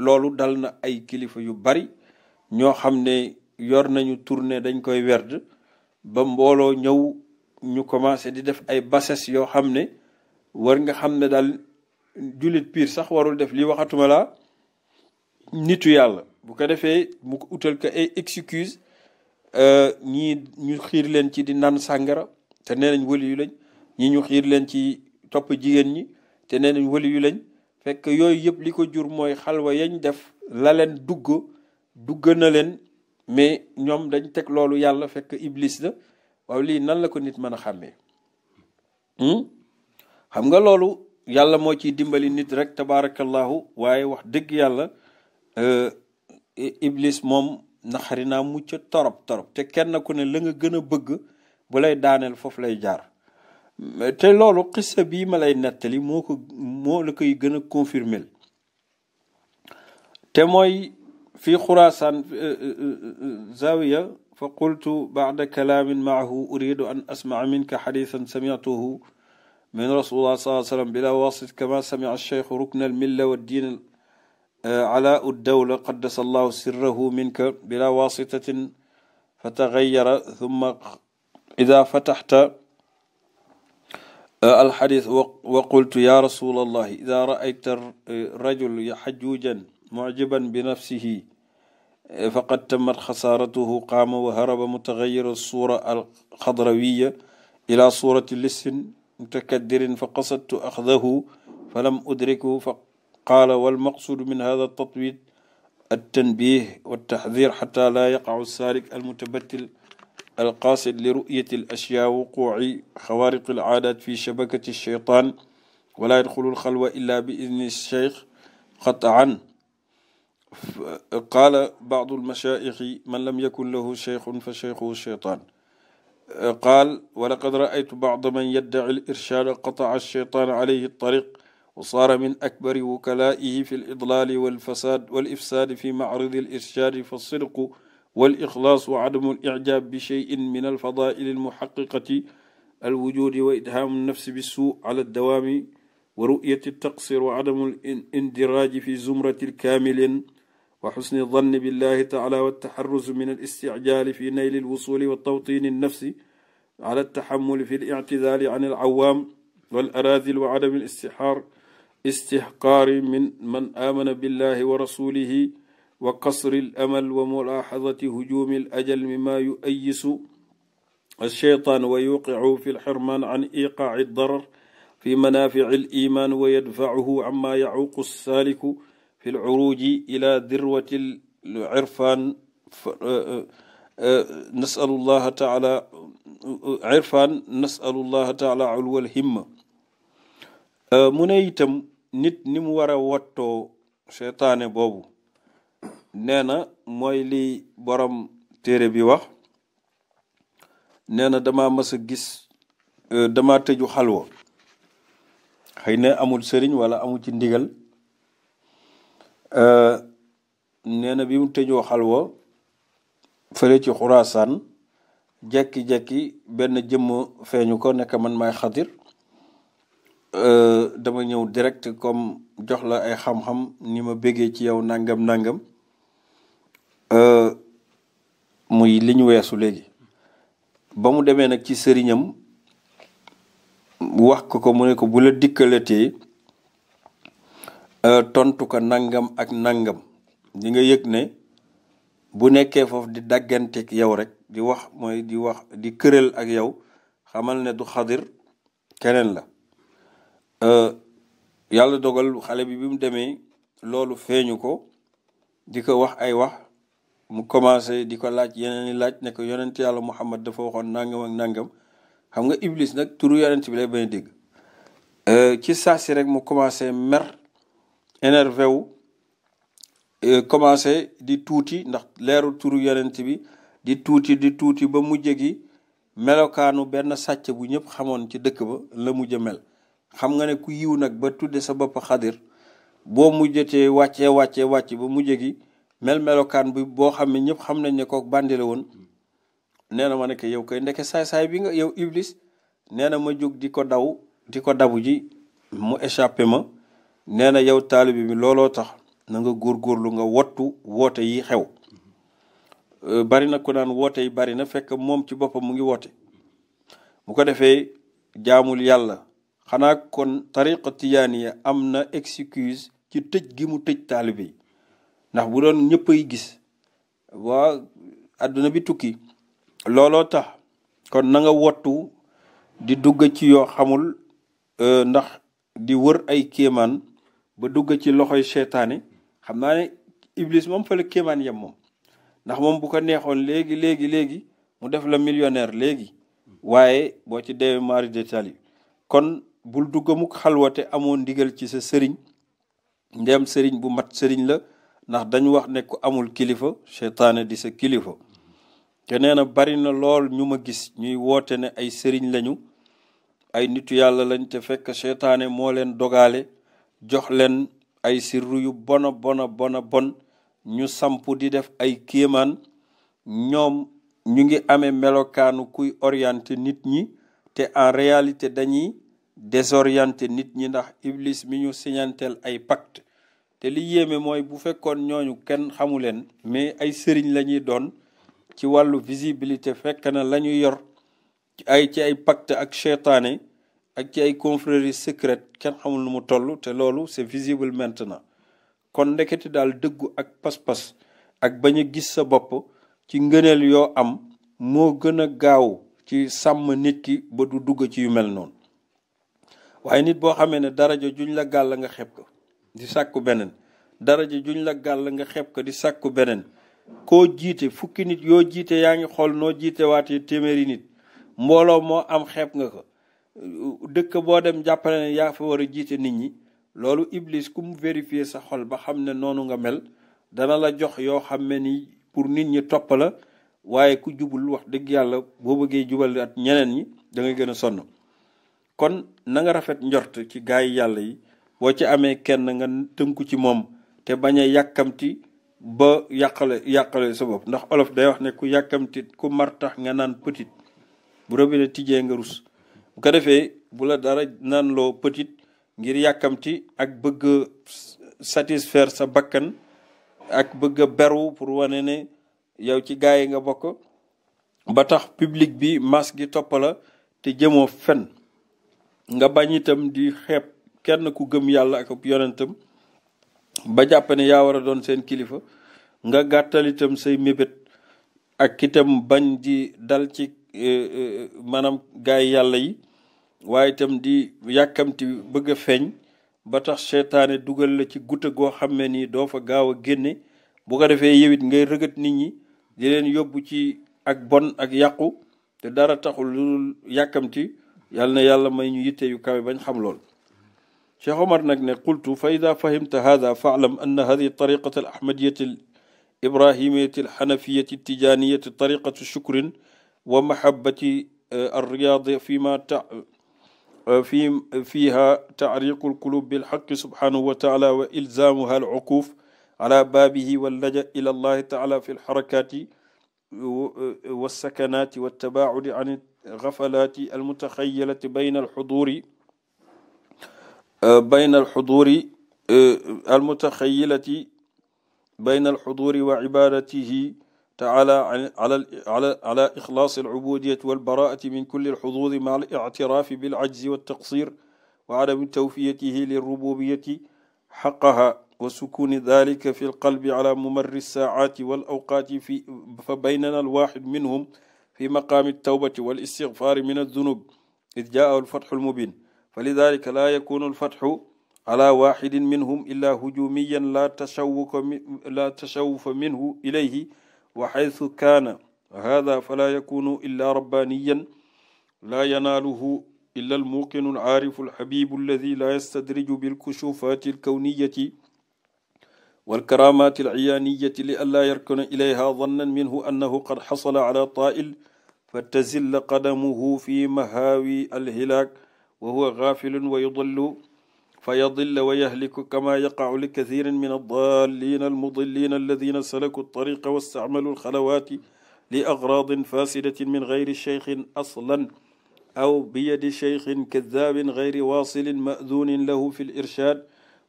Speaker 1: loolu dal na ay kilifa yu bari ñoo xam ne yor nañu tournée dañ koy werd ba mbooloo ñëw ñu commencé di def ay bases yoo xam ne war nga xam ne daal jullit piir sax warul def li waxatuma laa nitu yàlla bu ko defee mu ko utal ko ay excuse euh, ñii ñu xiir leen ci di naan sàngara te nee nañ wëli yu lañ ñi ñu xiir leen ci topp jigéen ñi te nee nañ wali yu lañ fekk yooyu yëpp li ko jur mooy xalwa yañ def la leen dugg dugg na leen mais ñoom dañ teg loolu yàlla fekk iblis la waaw lii nan la ko nit mën a xàmmee hmm? xam nga loolu yàlla moo ciy dimbali nit rek tabaarakallahu waaye wax dëgg yàlla euh, iblis moom naxari naa mucc torop torop te kenn ku ne la nga gën a bëgg bu lay daaneel foofu lay jaar te loolu xissa bii ma lay nettali moo ko moo la koy gën a confirmer te mooy fii xuraasaan euh, euh, euh, zawiya fa qultu bada kalaamin maahu uridu an asmaa minka xadisan samictuhu min rasulillah saa sallam bila wasit kama samica alcheikhu rukna almilla waddin ala uddawla qaddasa allahu sirrahu minka bila wasitatin fatagayara thumma ida fataxta الحديث وقلت يا رسول الله إذا رأيت الرجل حجوجا معجبا بنفسه فقد تمت خسارته قام وهرب متغير الصورة الخضروية إلى صورة لس متكدر فقصدت أخذه فلم أدركه فقال والمقصود من هذا التطويل التنبيه والتحذير حتى لا يقع السارق المتبتل القاصد لرؤية الأشياء وقوع خوارق العادات في شبكة الشيطان ولا يدخل الخلوة إلا بإذن الشيخ قطعا قال بعض المشايخ من لم يكن له شيخ فشيخه الشيطان قال ولقد رأيت بعض من يدعي الإرشاد قطع الشيطان عليه الطريق وصار من أكبر وكلائه في الإضلال والفساد والإفساد في معرض الإرشاد فالصدق والإخلاص وعدم الإعجاب بشيء من الفضائل المحققة الوجود وإدهام النفس بالسوء على الدوام ورؤية التقصير وعدم الاندراج في زمرة الكامل وحسن الظن بالله تعالى والتحرز من الاستعجال في نيل الوصول والتوطين النفسي على التحمل في الاعتذال عن العوام والأراذل وعدم الاستحار استحقار من من آمن بالله ورسوله wa qasri al amal wa mulaaxadati hujumi al ajal mima yuayisu alcheytaan wa yuqicu fi lxirmaan can iqaaci darar fi manaafici alimaan wa yadfacuhu cama yacuuqu saaliku fi lcuruuji ila dirwati lcirfaan nasalu llaha taala irfaan nasalu llaha taala ulwa lhimma mu ne itam nit ni mu war a wattoo cheytaane boobu nee na mooy li borom téere bi wax nee na dama mës gis euh, dama tëju xalwa xëy na amul sëriñ wala amul ci ndigal euh, nee na bi mu tëjoo xalwa fële ci xuraasaan jekki-jekki benn jëmm feeñu ko nekk man maay xadir euh, dama ñëw direct comme jox la ay xam-xam ni ma béggee ci yow nangam nangam Euh, muy li ñu weesu léegi ba mu demee nag ci sëriñam wax ko ko mu ne ko bula la dikkalatee euh, tontu ko nangam ak nangam di nga yëg ne bu nekkee foofu di dagganteeg yow rek di wax mooy di wax di këral ak yow xamal ne du xadir keneen la euh, yàlla dogal xale bi bi mu demee loolu feeñu ko di ko wax ay wax mu commencé di ko laaj yeneen i laaj ne ko yonent yàlla Muhammad dafa waxoon nangam ak nangam xam nga Iblis nag turu yonent bi lay bañ a dégg euh, ci sasi rek mu commencé mer énervé wu euh, commencé di tuuti ndax leeru turu yonent bi di tuuti di tuuti ba mujj gi melokaanu benn sàcc bu ñëpp xamoon ci dëkk ba la mujj mel xam nga ne ku yiw nag ba tudde sa bopp xadir boo mujjatee wàccee wàcce wàcc ba mu jegi mel melokaan bi boo xam ne ñëpp xam nañ ne kook bandi la woon nee na ma ne ko yow koy ndeke saay-saay bi nga yow iblis nee na ma jóg di ko daw di ko dabu ji mu échappé ma nee na yow taalibi bi looloo tax na nga góorgóorlu nga wottu woote yi xew euh, bari na ku naan woote yi bari na fekk moom ci boppam mu ngi woote mu ko defee jaamul yàlla xanaa kon tariqa yi am na excuse ci tëj gi mu tëj taalibe yi ndax bu doon ñëpp ay gis waa àdduna bi tukki looloo tax kon nanga nga wottu di dugg ci yoo xamul euh, ndax di wër ay kéemaan ba dugg ci loxoy seetaane xam naa ne iblis moom fa la kéemaan yem moom ndax moom bu ko neexoon léegi léegi léegi mu def la millionnaire léegi waaye boo ci deewee mari de kon bul dugg mukk xalwate amoo ndigal ci sa sëriñ ndeem sëriñ bu mat sëriñ la ndax dañu wax ne ku amul kilifa seytaane di sa kilifa te nee na bari na lool ñu ma gis ñuy woote ne ay sëriñ lañu ay nitu yàlla lañ te fekk seytaane moo leen dogaale jox leen ay sirru yu bona bona bona bon ñu samp di def ay kiimaan ñoom ñu ngi ame melokaanu kuy orienté nit ñi te en réalité dañuy désorienté nit ñi ndax iblis mi ñu signanteel ay pacte te li yéeme mooy bu fekkoon ñooñu kenn xamu leen mais ay sëriñ lañuy doon ci wàllu visibilité fekk na la yor ci ay ci ay pacte ak cheytaane ak ci ay confrérie secrète kenn xamul nu mu toll te loolu se visible maintenant kon ndekete daal dëggu ak pas-pas ak bañ a gis sa bopp ci ngëneel yoo am moo gën a gaaw ci sàmm nit ki ba du dugg ci yu mel noonu waaye nit boo xamee ne daraja juñ la gàll nga xeeb ko di sàkku beneen daraja juñ la gàll nga xeeb ko di sàkku beneen koo jiite fukki nit yoo jiite yaa ngi xool noo jiite waatee téeméeri nit mbooloo moo am xeeb nga ko dëkk boo dem jàppale ne yaa fa war a jiite nit ñi loolu iblis ku mu vérifier sa xol ba xam ne noonu nga mel dana la jox yoo xam ne ni pour nit ñi topp la waaye ku jubul wax dëgg yàlla boo bëggee jubal at ñeneen ñi dangay ngay gën a sonn kon nanga rafet njort ci gaay yàlla yi boo ci amee kenn nga ku ci moom te bañ a yàkkamti ba yàqale yàqale sa bopp ndax olof day wax ne ku yàkkamti ku mar nga naan petit bu robinet tijjee nga rus bu ko defee bu la dara naan loo petit ngir yàkkamti ak bëgg a sa bakkan ak bëgg a pour wane ne yow ci gaa yi nga bokk ba tax public bi mas gi toppala te jëmoo fen nga bañ itam di xeeb kenn ku gëm yàlla ak ab yonentam ba jàpp ne yaa war a doon seen kilifa nga gàttal itam say mébét ak itam bañ di dal ci eh, eh, maanaam gaay yàlla yi waaye itam di yàkkamti bëgg a feeñ ba tax seetaane dugal la ci guta goo xam ne nii doo fa gaaw a génne bu ko defee yow ngay rëgët nit ñi di leen yóbbu ci ak bon ak yàqu te dara taxul lu yàkkamti yàlla na yàlla may ñu yitte yu kawe bañ xam lool Cheikh Omar nag ne qultu fa ida fahimta hada faalam anna hadi tariqat al ahmadiyati al ibrahimiyati al xanafiyati tijaniyati tariqatu shukrin wa mahabati eh, alriyaadi fi ma ta eh, fi fiha taariqu alqulub bilxaqi subhanahu wa taala wa ilzamuha alcuquuf ala baabihi wallaja ila allahi taala fi alxarakati walsakanaati eh, waltabaacudi an alxafalaati almutaxayalati bayna alxuduri bayna alxuduri euh, almutaxayilati bayna alxuduri wa cibadatihi taala ala ixlaas alcubudiyati walbaraati min kulli alxuduri ma alictiraafi bilcajzi waltaqsir wa adami tawfiyatihi lirububiyati xaqaha wa sukuni dalika fi lqalbi ala mumarri alsaacaati walawqaati fi fa baynana alwaxid minhum fi maqaami altawbati walistigfaari min aldunub id jaahu alfatxu almubin fa lidalika laa yakunu alfatxu ala waxidin minhum illa hujumiyan la tashawuka la tashawufa minhu ilayhi wa xaytu kaana hada fala yakunu illa rabbaniyan laa yanaaluhu illa almuqinu alcaarifu alxabibu alladi laa yastadriju bilkushufaati alkawniyati والكرامات العيانية لئلا يركن إليها ظنا منه أنه قد حصل على طائل فتزل قدمه في مهاوي الهلاك wa huwa gaafilun wa yudillu fa yadilla wa yahliku kama yaqacu li kathirin min addaalina almudillina alladina salaku alطariqa wa istacmalu alxalawaati li agraadin faasidatin min gayri sheykhin aslan aw biyadi sheykhin kadaabin gayri waasilin maaduunin lahu fi lirshaad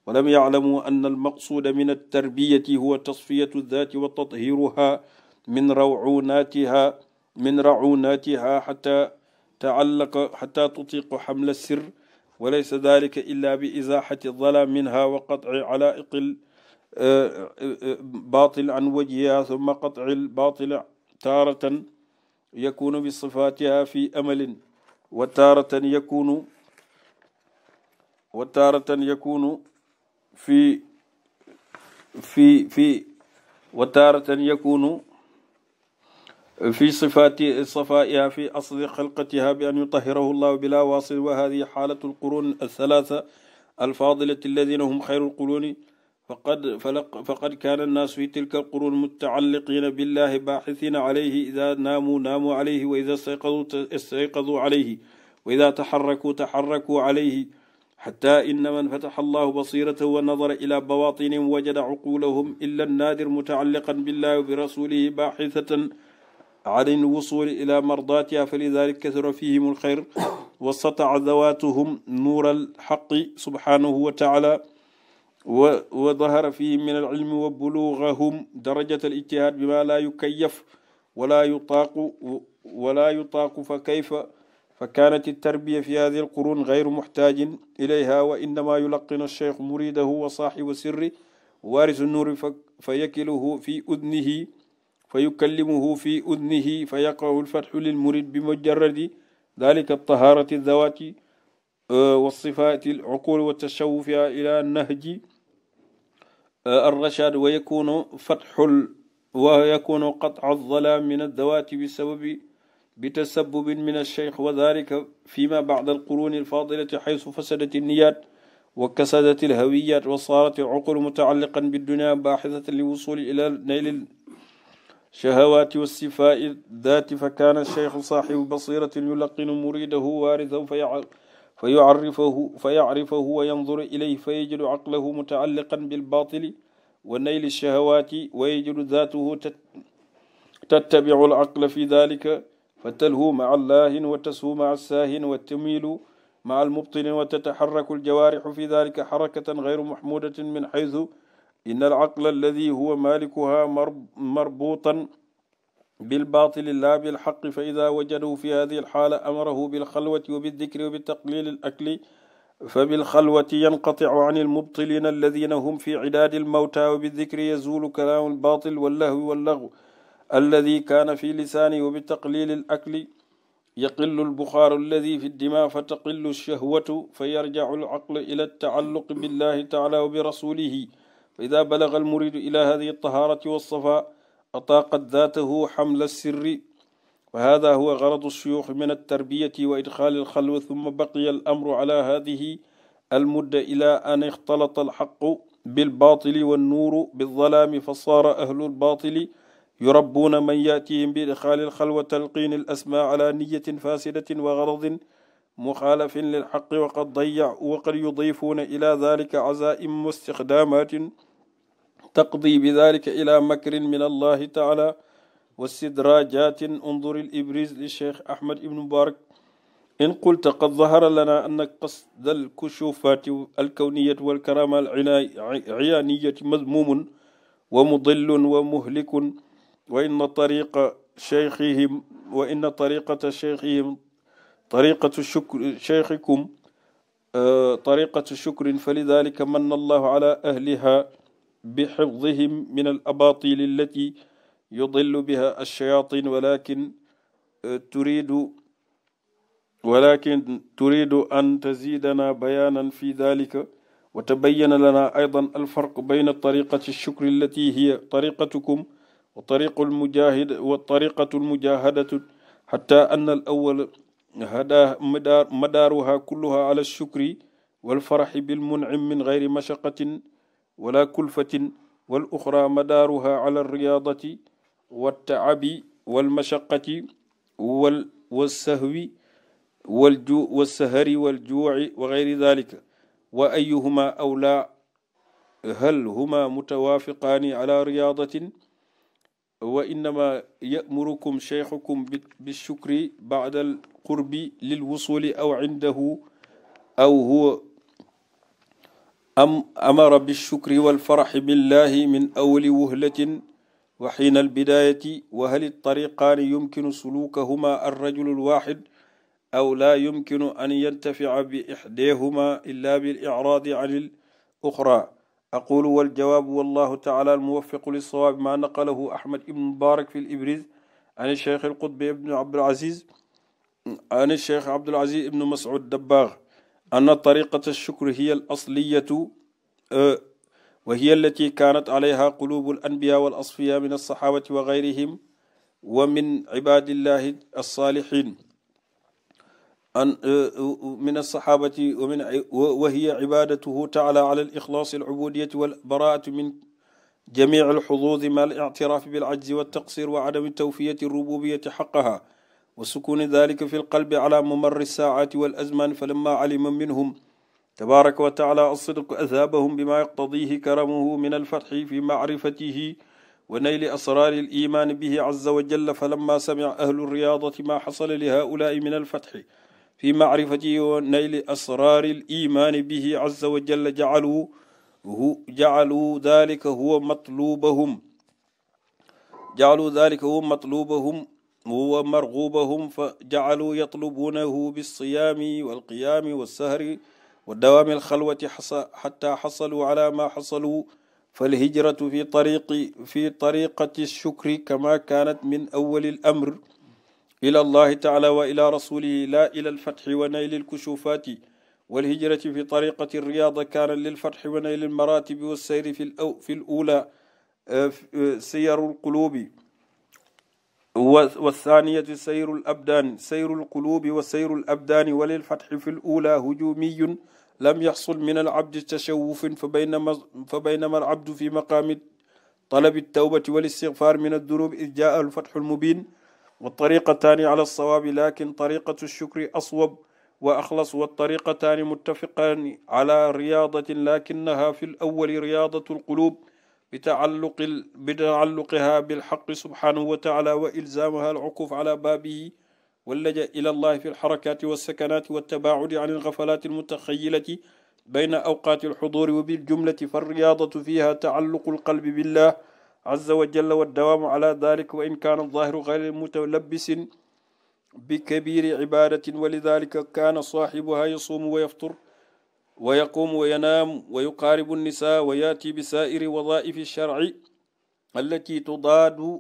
Speaker 1: walam yaclamuu anna almaqsuuda min altarbiyati huwa tasfiyatu aldaati wa tathiiruha min rawcuunaatiha min racuunaatiha xataa taallaqa xata tutiqu xamla sir walaysa dalika illa bi izahati dala minha wa qatci alaiqi batil an wajhiha summa qatci lbatila taaratan yakunu bi sifatiha fi amalin wa taaratan yakunu wa taaratan yakunu fi fi fi wa taaratan yakunu fi sifaati safaa'iha fi asli xalqatiha bi an yutahirahu llahu bila waasil wa hadihi xaalatu alquruun althalatha alfaadilati alladina hum xayru alquruuni faqad faqad kaana annaasu fi tilka alquruun mutacalliqiina billahi baaxisiina alayhi ida naamuu naamuu alayhi wa ida istayqaduu istayqaduu alayhi wa ida taxarrakuu taxarrakuu alayhi xataa inna man fataxa allahu basiratahu wa nadara ila bawaatinihim wajada cuquulahum illa annaadir mutacalliqan billahi wa birasulihi baaxisatan على الوصول إلى مرضاتها فلذلك كثر فيهم الخير واستطاع ذواتهم نور الحق سبحانه وتعالى وظهر فيهم من العلم وبلوغهم درجة الاجتهاد بما لا يكيف ولا يطاق ولا يطاق فكيف فكانت التربية في هذه القرون غير محتاج إليها وإنما يلقن الشيخ مريده وصاحب سره وارث النور فيكله في أذنه fa yukallimuhu fi udnihi fa yaqra'u alfatxu lilmurid bi mujarradi dalika taharati dawaati والصفات العقول والتشوفها إلى نهج الرشاد ويكون فتح ويكون قطع الظلام من الذوات بسبب بتسبب من الشيخ وذلك فيما بعد القرون الفاضلة حيث فسدت النيات وكسدت الهويات وصارت العقول متعلقا بالدنيا باحثة للوصول إلى نيل shahawaati wa sifaai daati fa kaana cheikhu saaxibu basiratin yulaqinu muridahu waarithahu fa yuarifahu fa yacrifahu wa yanzuru ilayhi fa yajidu aqlahu mutaalliqan bilbaatili wa nayli shahawaati wa yajidu daatuhu tattabicu alaqla fi dalika fatalhu maca allaahin wa tashu maca saahin wa tamiilu maca almubtinin wa tataxaraku aljawaarixu fi dalika xarakatan gayru maxmuudatin min xaysu inna alaqla alladi huwa malikuha marbutan bilbatili la bilxaqi fa ida wajadahu fi hadihi alxaala amarahu bilxalwati wa bildikri wa bitaqlil alakli fa bilxalwati yanqatiu an almubtilina alladina hum fi cidaadi almawta wa bildikri yazulu kalaamu albatil wallahwi wallagu alladi kaana fi lisaani wa bitaqlil alakli يقل البخار الذي في الدماء فتقل الشهوة فيرجع العقل إلى التعلق بالله تعالى وبرسوله فإذا بلغ المريد إلى هذه الطهارة والصفاء أطاقت ذاته حمل السر وهذا هو غرض الشيوخ من التربية وإدخال الخلوة ثم بقي الأمر على هذه المدة إلى أن اختلط الحق بالباطل والنور بالظلام فصار أهل الباطل يربون من يأتيهم بإدخال الخلوة تلقين الأسماء على نية فاسدة وغرض مخالف للحق وقد ضيع وقد يضيفون إلى ذلك عزائم واستخدامات تقضي بذلك إلى مكر من الله تعالى واستدراجات انظر الإبريز للشيخ أحمد بن مبارك إن قلت قد ظهر لنا أن قصد الكشوفات الكونية والكرامة العيانية مذموم ومضل ومهلك وإن طريق شيخهم وإن طريقة شيخهم tariqatu shukri cheikhikum tariqatu shukrin fa lidalika manna allahu ala ahliha bi xifdihim min al abatili allati yudillu biha alchayatin walakin turidu walakin turidu an tazidana bayanan fi dalika wa tabayana lana aydan alfarq bayna tariqati shukri allati hiya tariqatukum wa tariqu almujahid wa tariqatu almujahadatu xata anna al awal hada madaar madaaruha kulluha ala shukri walfaraxi bilmuncim min geyri mashaqatin wala kulfatin wal uxra madaaruha ala riyaadati wattaabi walmashaqati wal walsahwi walju walsahari waljuuci wa geyri dalika wa ayuhuma awlaa hal huma mutawaafiqaani ala riyaadatin wa innama yamurukum cheikhukum bishukri bacdal qurbi lil wusuli aw indahu aw huwa am amara bilshukri walfaraxi billahi min awali wuhlatin wa xiina albidaayati wa hal tariqaani yumkinu suluukahuma alrajulu alwaxid aw laa yumkinu an yantafica bi ixdeehuma illa bilicraadi an aluxra aqulu waljawaabu wallahu taala almuwafiqu lilsawaab ma naqalahu ahmad ibn mubarak fi libriz an alcheikh alqutbi ibn abdulaziz عن الشيخ عبد العزيز بن مسعود دباغ أن طريقة الشكر هي الأصلية وهي التي كانت عليها قلوب الأنبياء والأصفياء من الصحابة وغيرهم ومن عباد الله الصالحين أن من الصحابة ومن وهي عبادته تعالى على الإخلاص العبودية والبراءة من جميع الحظوظ مع الاعتراف بالعجز والتقصير وعدم توفية الربوبية حقها wa sukuuni dalika fi lqalbi ala mumarri saaati wal azmaan fa lamma alima minhum tabaraka wa taala alsidq athaabahum bima yaqtadihi karamuhu min alfatxi fi macrifatihi wa nayli asraari alimaan bihi azza wa jalla fa lamma samica ahlu riyaadati ma xasala li haulaai min alfatxi fi macrifatihi wa nayli asraari alimaan bihi azza wa jalla jacaluu jacaluu dalika huwa matlubahum jacaluu dalika huwa matlubahum wa margubahum fa jacaluu yatlubuunahu bilsiyaami walqiyaami walsahri wa dawaami alxalwati xata xasaluu ala ma xasaluu falhijratu fi tariqi fi tariqati shukri kama kaanat min awali alamr ila allahi taala wa ila rasulihi la ila alfatxi wa nayli alkushufaati walhijrati fi tariqati riyaada kaanat lilfatxi wa nayli almaratibi walsayri fi alula siyaru alqulubi والثانية سير الأبدان سير القلوب وسير الأبدان وللفتح في الأولى هجومي لم يحصل من العبد تشوف فبينما, فبينما العبد في مقام طلب التوبة والاستغفار من الذنوب إذ جاء الفتح المبين والطريقتان على الصواب لكن طريقة الشكر أصوب وأخلص والطريقتان متفقان على رياضة لكنها في الأول رياضة القلوب bitaalluqi bitaalluqiha bilxaqi subhanahu wa taala wa ilzaamaha alcukuuf ala baabihi wallaja ila allahi fi lxarakaati walsakanaati waltabaacudi an alxafalaati almutaxayilati bayna awqaati alxuduuri wa biljumlati falriyaadatu fiha taalluqu alqalbi billah azza wa jalla waddawaamu ala dalik wa in kaana alzaahiru gayra mutalabisin bi kabiri cibaadatin walidalika kaana saaxibuha yasuumu wa yaftur wa yaquum wa yanaam wa yuqaaribu nnisaa wa yaati bi saairi wadaifi sharci allati tudaadu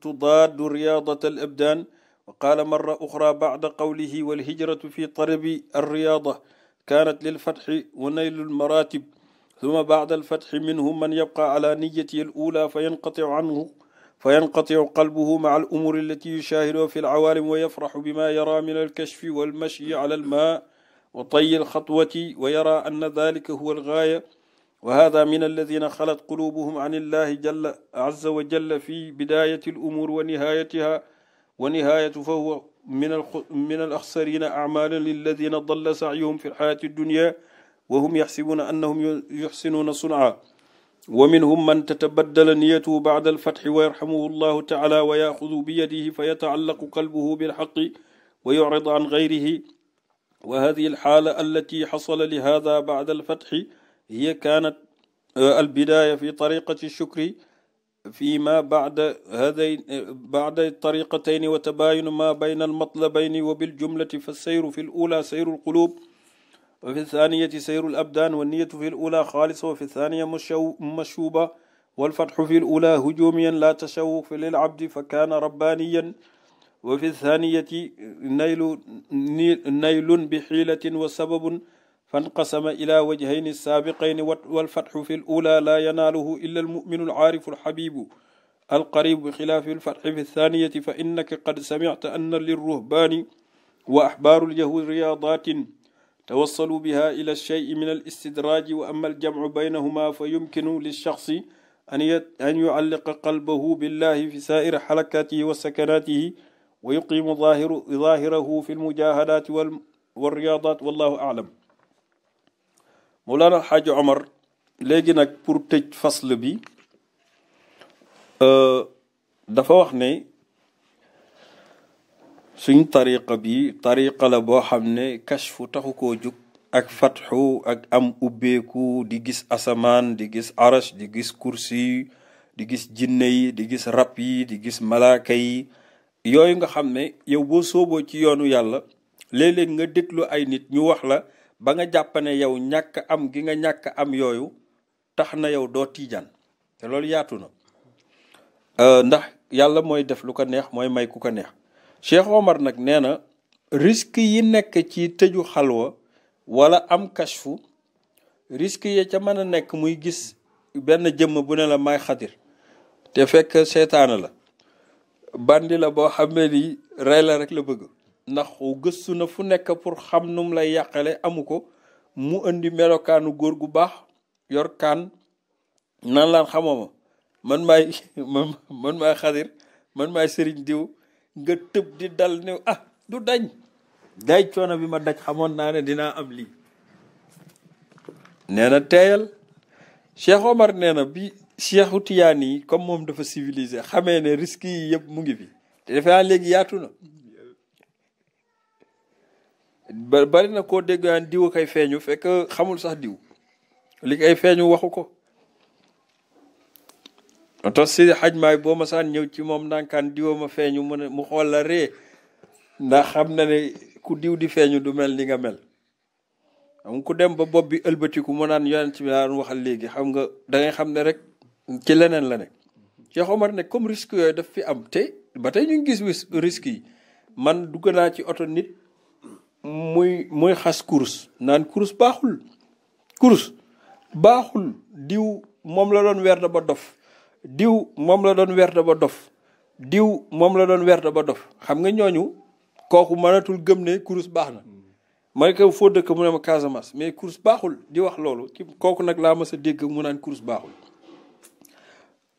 Speaker 1: tudaadu riyaadat al abdaan wa qaala marra uxra bacda qawlihi walhijratu fi talabi alriyaada kaanat lilfatxi wa naylu almaratib summa bacda alfatxi minhum man yabqa ala niyatihi alula fa yanqatiu anhu فينقطع قلبه مع الأمور التي يشاهدها في العوالم ويفرح بما يرى من الكشف والمشي على الماء وطي الخطوة ويرى أن ذلك هو الغاية وهذا من الذين خلت قلوبهم عن الله جل عز وجل في بداية الأمور ونهايتها ونهاية فهو من من الأخسرين أعمالا للذين ضل سعيهم في الحياة الدنيا وهم يحسبون أنهم يحسنون صنعا ومنهم من تتبدل نيته بعد الفتح ويرحمه الله تعالى ويأخذ بيده فيتعلق قلبه بالحق ويعرض عن غيره وهذه الحالة التي حصل لهذا بعد الفتح هي كانت البداية في طريقة الشكر فيما بعد هذين بعد الطريقتين وتباين ما بين المطلبين وبالجملة فالسير في الأولى سير القلوب وفي الثانية سير الأبدان والنية في الأولى خالصة وفي الثانية مشوبة والفتح في الأولى هجوميا لا تشوق للعبد فكان ربانيا wa fi thaniyati naylu naylun bi xiilatin wa sababun fanqasama ila wajhayni saabiqayni walfatxu fi lula laa yanaaluhu illa almuminu alcaarifu alxabibu alqaribu bixilaafi alfatxi fi thaniyati fa innaka qad samicta anna lirruhbaani wa axbaaru alyahud riyaadaatin tawassaluu biha ila alshey min alistidraaji wa ama aljamcu baynahuma fa yumkinu lilshaxsi an yucalliqa qalbahu billahi fi saa'iri xalakaatihi wa sakanaatihi wa yuqimu zaahirahu fi lmujahadaat walriyaadaat wallahu aalam Mawlana Xaaji Omar léegi nag pour tëj fasl bi euh, dafa wax ne suñ tariqa bi tariqa la boo xam ne kashfu taxu koo jug ak fatxu ak am ubbeeku di gis asamaan di gis arash di gis kursi di gis jinne yi di gis rab yi di gis malaaka yi yooyu nga xam ne yow boo sooboo ci yoonu yàlla léeg-léeg nga déglu ay nit ñu wax la ba nga jàpp ne yow ñàkk am gi nga ñàkk am yooyu tax na yow doo tiijaan te loolu yaatu na euh, ndax yàlla mooy def lu ko neex mooy may ku ko neex Cheikh Omar nag nee na risque yi nekk ci tëju xalwa wala am kashfu risque yi ca mën a nekk muy gis benn jëmm bu ne la may xadir te fekk seetaana la bandi la boo xamee ni rey la rek la bëgg ndax gëstu na fu nekk pour xam nu lay yàqale amu ko mu indi melokaanu góor gu baax yor kaan nan laan xamoo ma man maay *laughs* man xadir man maay sëriñ diw nga tëb di dal ne ah du dañ day coono bi ma daj xamoon naa ne dinaa am lii nee na teeyal Cheikh Omar bi Cheikhu Tijaan yi comme moom dafa civilisé xamee ne risques yi yëpp mu ngi fi te defe naa léegi yaatu na ba bari na koo dégg diw kay feeñu fekk xamul sax diw li kay feeñu waxu ko tax si xajmaay boo ma saan ñëw ci moom ndànkaan diwa ma feeñu mu ne mu xool la ree ndax xam na ne ku diw di feeñu du mel ni nga mel am ku dem ba bopp bi ëlbatiku mu naan yonent bi daan waxal léegi xam nga da ngay xam ne rek ci leneen la ne Cheikh Omar ne comme risque yooyu daf fi am te ba tey ñu ngi gis risque yi man dugg naa ci oto nit muy muy xas course naan course baaxul course baaxul diw moom la doon werd ba dof diw moom la doon werd ba dof diw moom la doon werd ba dof xam nga ñooñu kooku mënatul gëm ne course baax na man ko foo dëkk mu ne ma Casamance mais course baaxul di wax loolu ci kooku nag laa mas a dégg mu naan course baaxul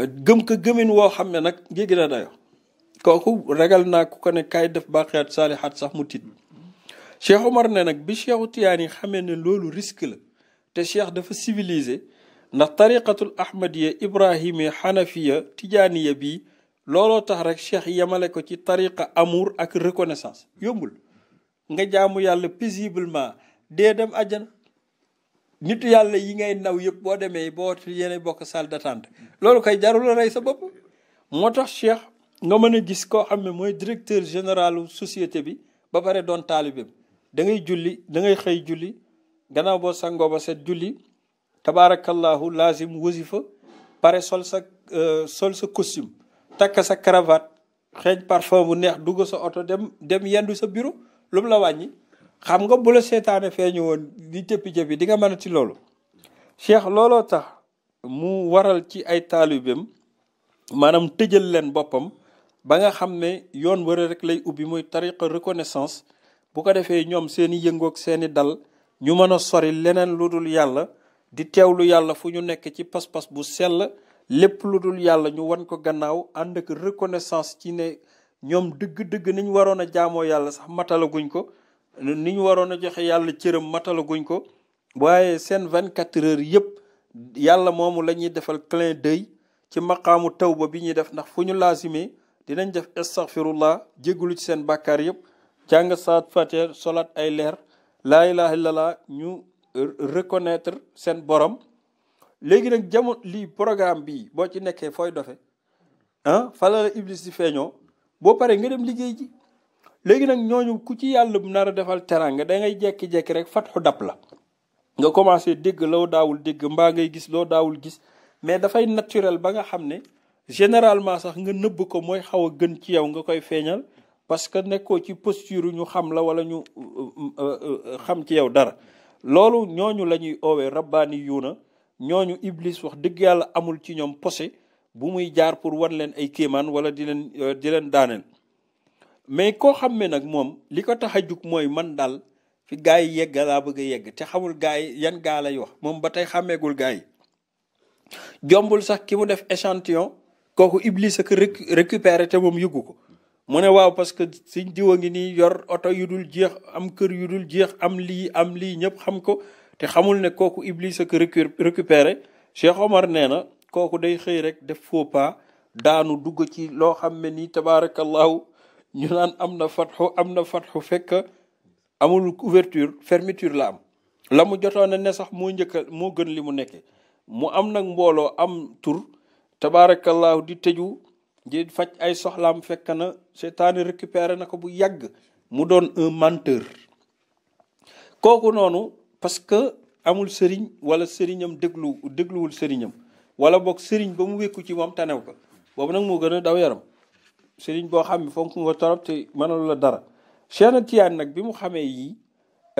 Speaker 1: gëm ko gëmin woo xam ne nag jéggi na dayo kooku ragal naa ku ko ne kaay def baaxeet saalihaat sax mu tiit Cheikh Omar ne nag bi Cheikhu Tijaan yi xamee ne loolu risque la te Cheikh dafa civilisé ndax tariqatul ahmadiya ibrahimiya xanafiya tijaaniya bii looloo tax rek Cheikh yemale ko ci tariqa amour ak reconnaissance yombul nga jaamu yàlla paisiblement dee dem àjjana nitu yàlla yi ngay naw yëpp boo demee boo yéene bokk salle d'attente loolu koy jarul rey sa bopp moo tax Cheikh nga mën a gis koo xam ne mooy directeur généralu société bi ba pare doon taalibeem da ngay julli dangay xëy julli gannaaw boo sangoo ba set julli tabaarakallahu lazim wasifa pare sol sa euh, sol sa costume takk sa cravate xeeñ parfum bu neex dugg sa oto dem dem yendu sa bureau lu la wàññi xam nga bu la seetaane feeñu woon di jëppi-jëppi di nga mën a ci loolu cheikh looloo tax mu waral ci ay taalibeem maanaam tëjal leen boppam ba nga xam ne yoon wara rek lay ubbi muy tariqa reconnaissance bu ko defee ñoom seeni yëngoog seeni dal ñu mën a sori leneen lu dul yàlla di teewlu yàlla fu ñu nekk ci pas-pas bu sell lépp lu dul yàlla ñu wan ko gannaaw ànd ak reconnaissance ci ne ñoom dëgg-dëgg niñ waroon a jaamoo yàlla sax matalaguñ ko ni ñu waroon a joxe yàlla cëram matalaguñ ko waaye seen vingt quatre heures yëpp yàlla moomu la ñuy defal clin d'œil ci maqaamu tawba bi ñuy def ndax fu ñu laasimee dinañ def istaghfirullah jéggulu ci seen bàkkaar yëpp jàng saat fatir solaat ay leer laa ilaha ñu reconnaître seen borom léegi nag jamono lii programme bi boo ci nekkee fooy dofe ah fala la di feeñoo boo paree nga dem liggéey ji léegi nag ñooñu ku ci yàlla bu nar a defal teraanga da ngay jekki-jekki rek fatxu dab la nga commencé dégg loo daawul dégg mbaa ngay gis loo daawul gis mais dafay naturel ba nga xam ne généralement sax nga nëbb ko mooy xaw a gën ci yow nga koy feeñal parce que nekkoo ci posture ñu xam la wala ñu euh, euh, euh, xam ci yow dara loolu ñooñu la ñuy oowee rabbaani yuuna ñooñu iblis wax dëgg yàlla amul ci ñoom posé bu muy jaar pour wan leen ay kéemaan wala di leen di leen daaneel mais koo xam ne nag moom li ko tax a jug mooy man daal fi gaa yi yegg laa bëgg a yegg te xamul gaa yi yan gaa lay wax moom ba tey xàmmeegul gaa yi jombul sax ki mu def échantillon kooku iblis ak récupéré te moom yëgu ko mu ne waaw parce que suñ diwa ngi nii yor oto yu dul jeex am kër yu dul jeex am lii am lii ñëpp xam ko te xamul ne kooku iblis ak récupéré Cheikh Omar nee na kooku day xëy rek def faux daanu dugg ci loo xam ne nii tabaarakallahu ñu naan am na fatxu am na fatxu fekk amul ouverture fermeture la am la mu jotoon ne sax moo njëkk moo gën li mu nekkee mu am nag mbooloo am tur tabaarakallaahu di tëju di faj ay soxlaam fekk na seytaane récupéré na ko bu yàgg mu doon un menteur kooku noonu parce que amul sëriñ wala sëriñam déglu dégluwul sëriñam wala boog sëriñ ba mu wékku ci moom tanew ko boobu nag moo gën a daw yaram sëriñ boo xam ne fonk nga torop te mënalu la dara Cheikh na Tijaan nag bi mu xamee yii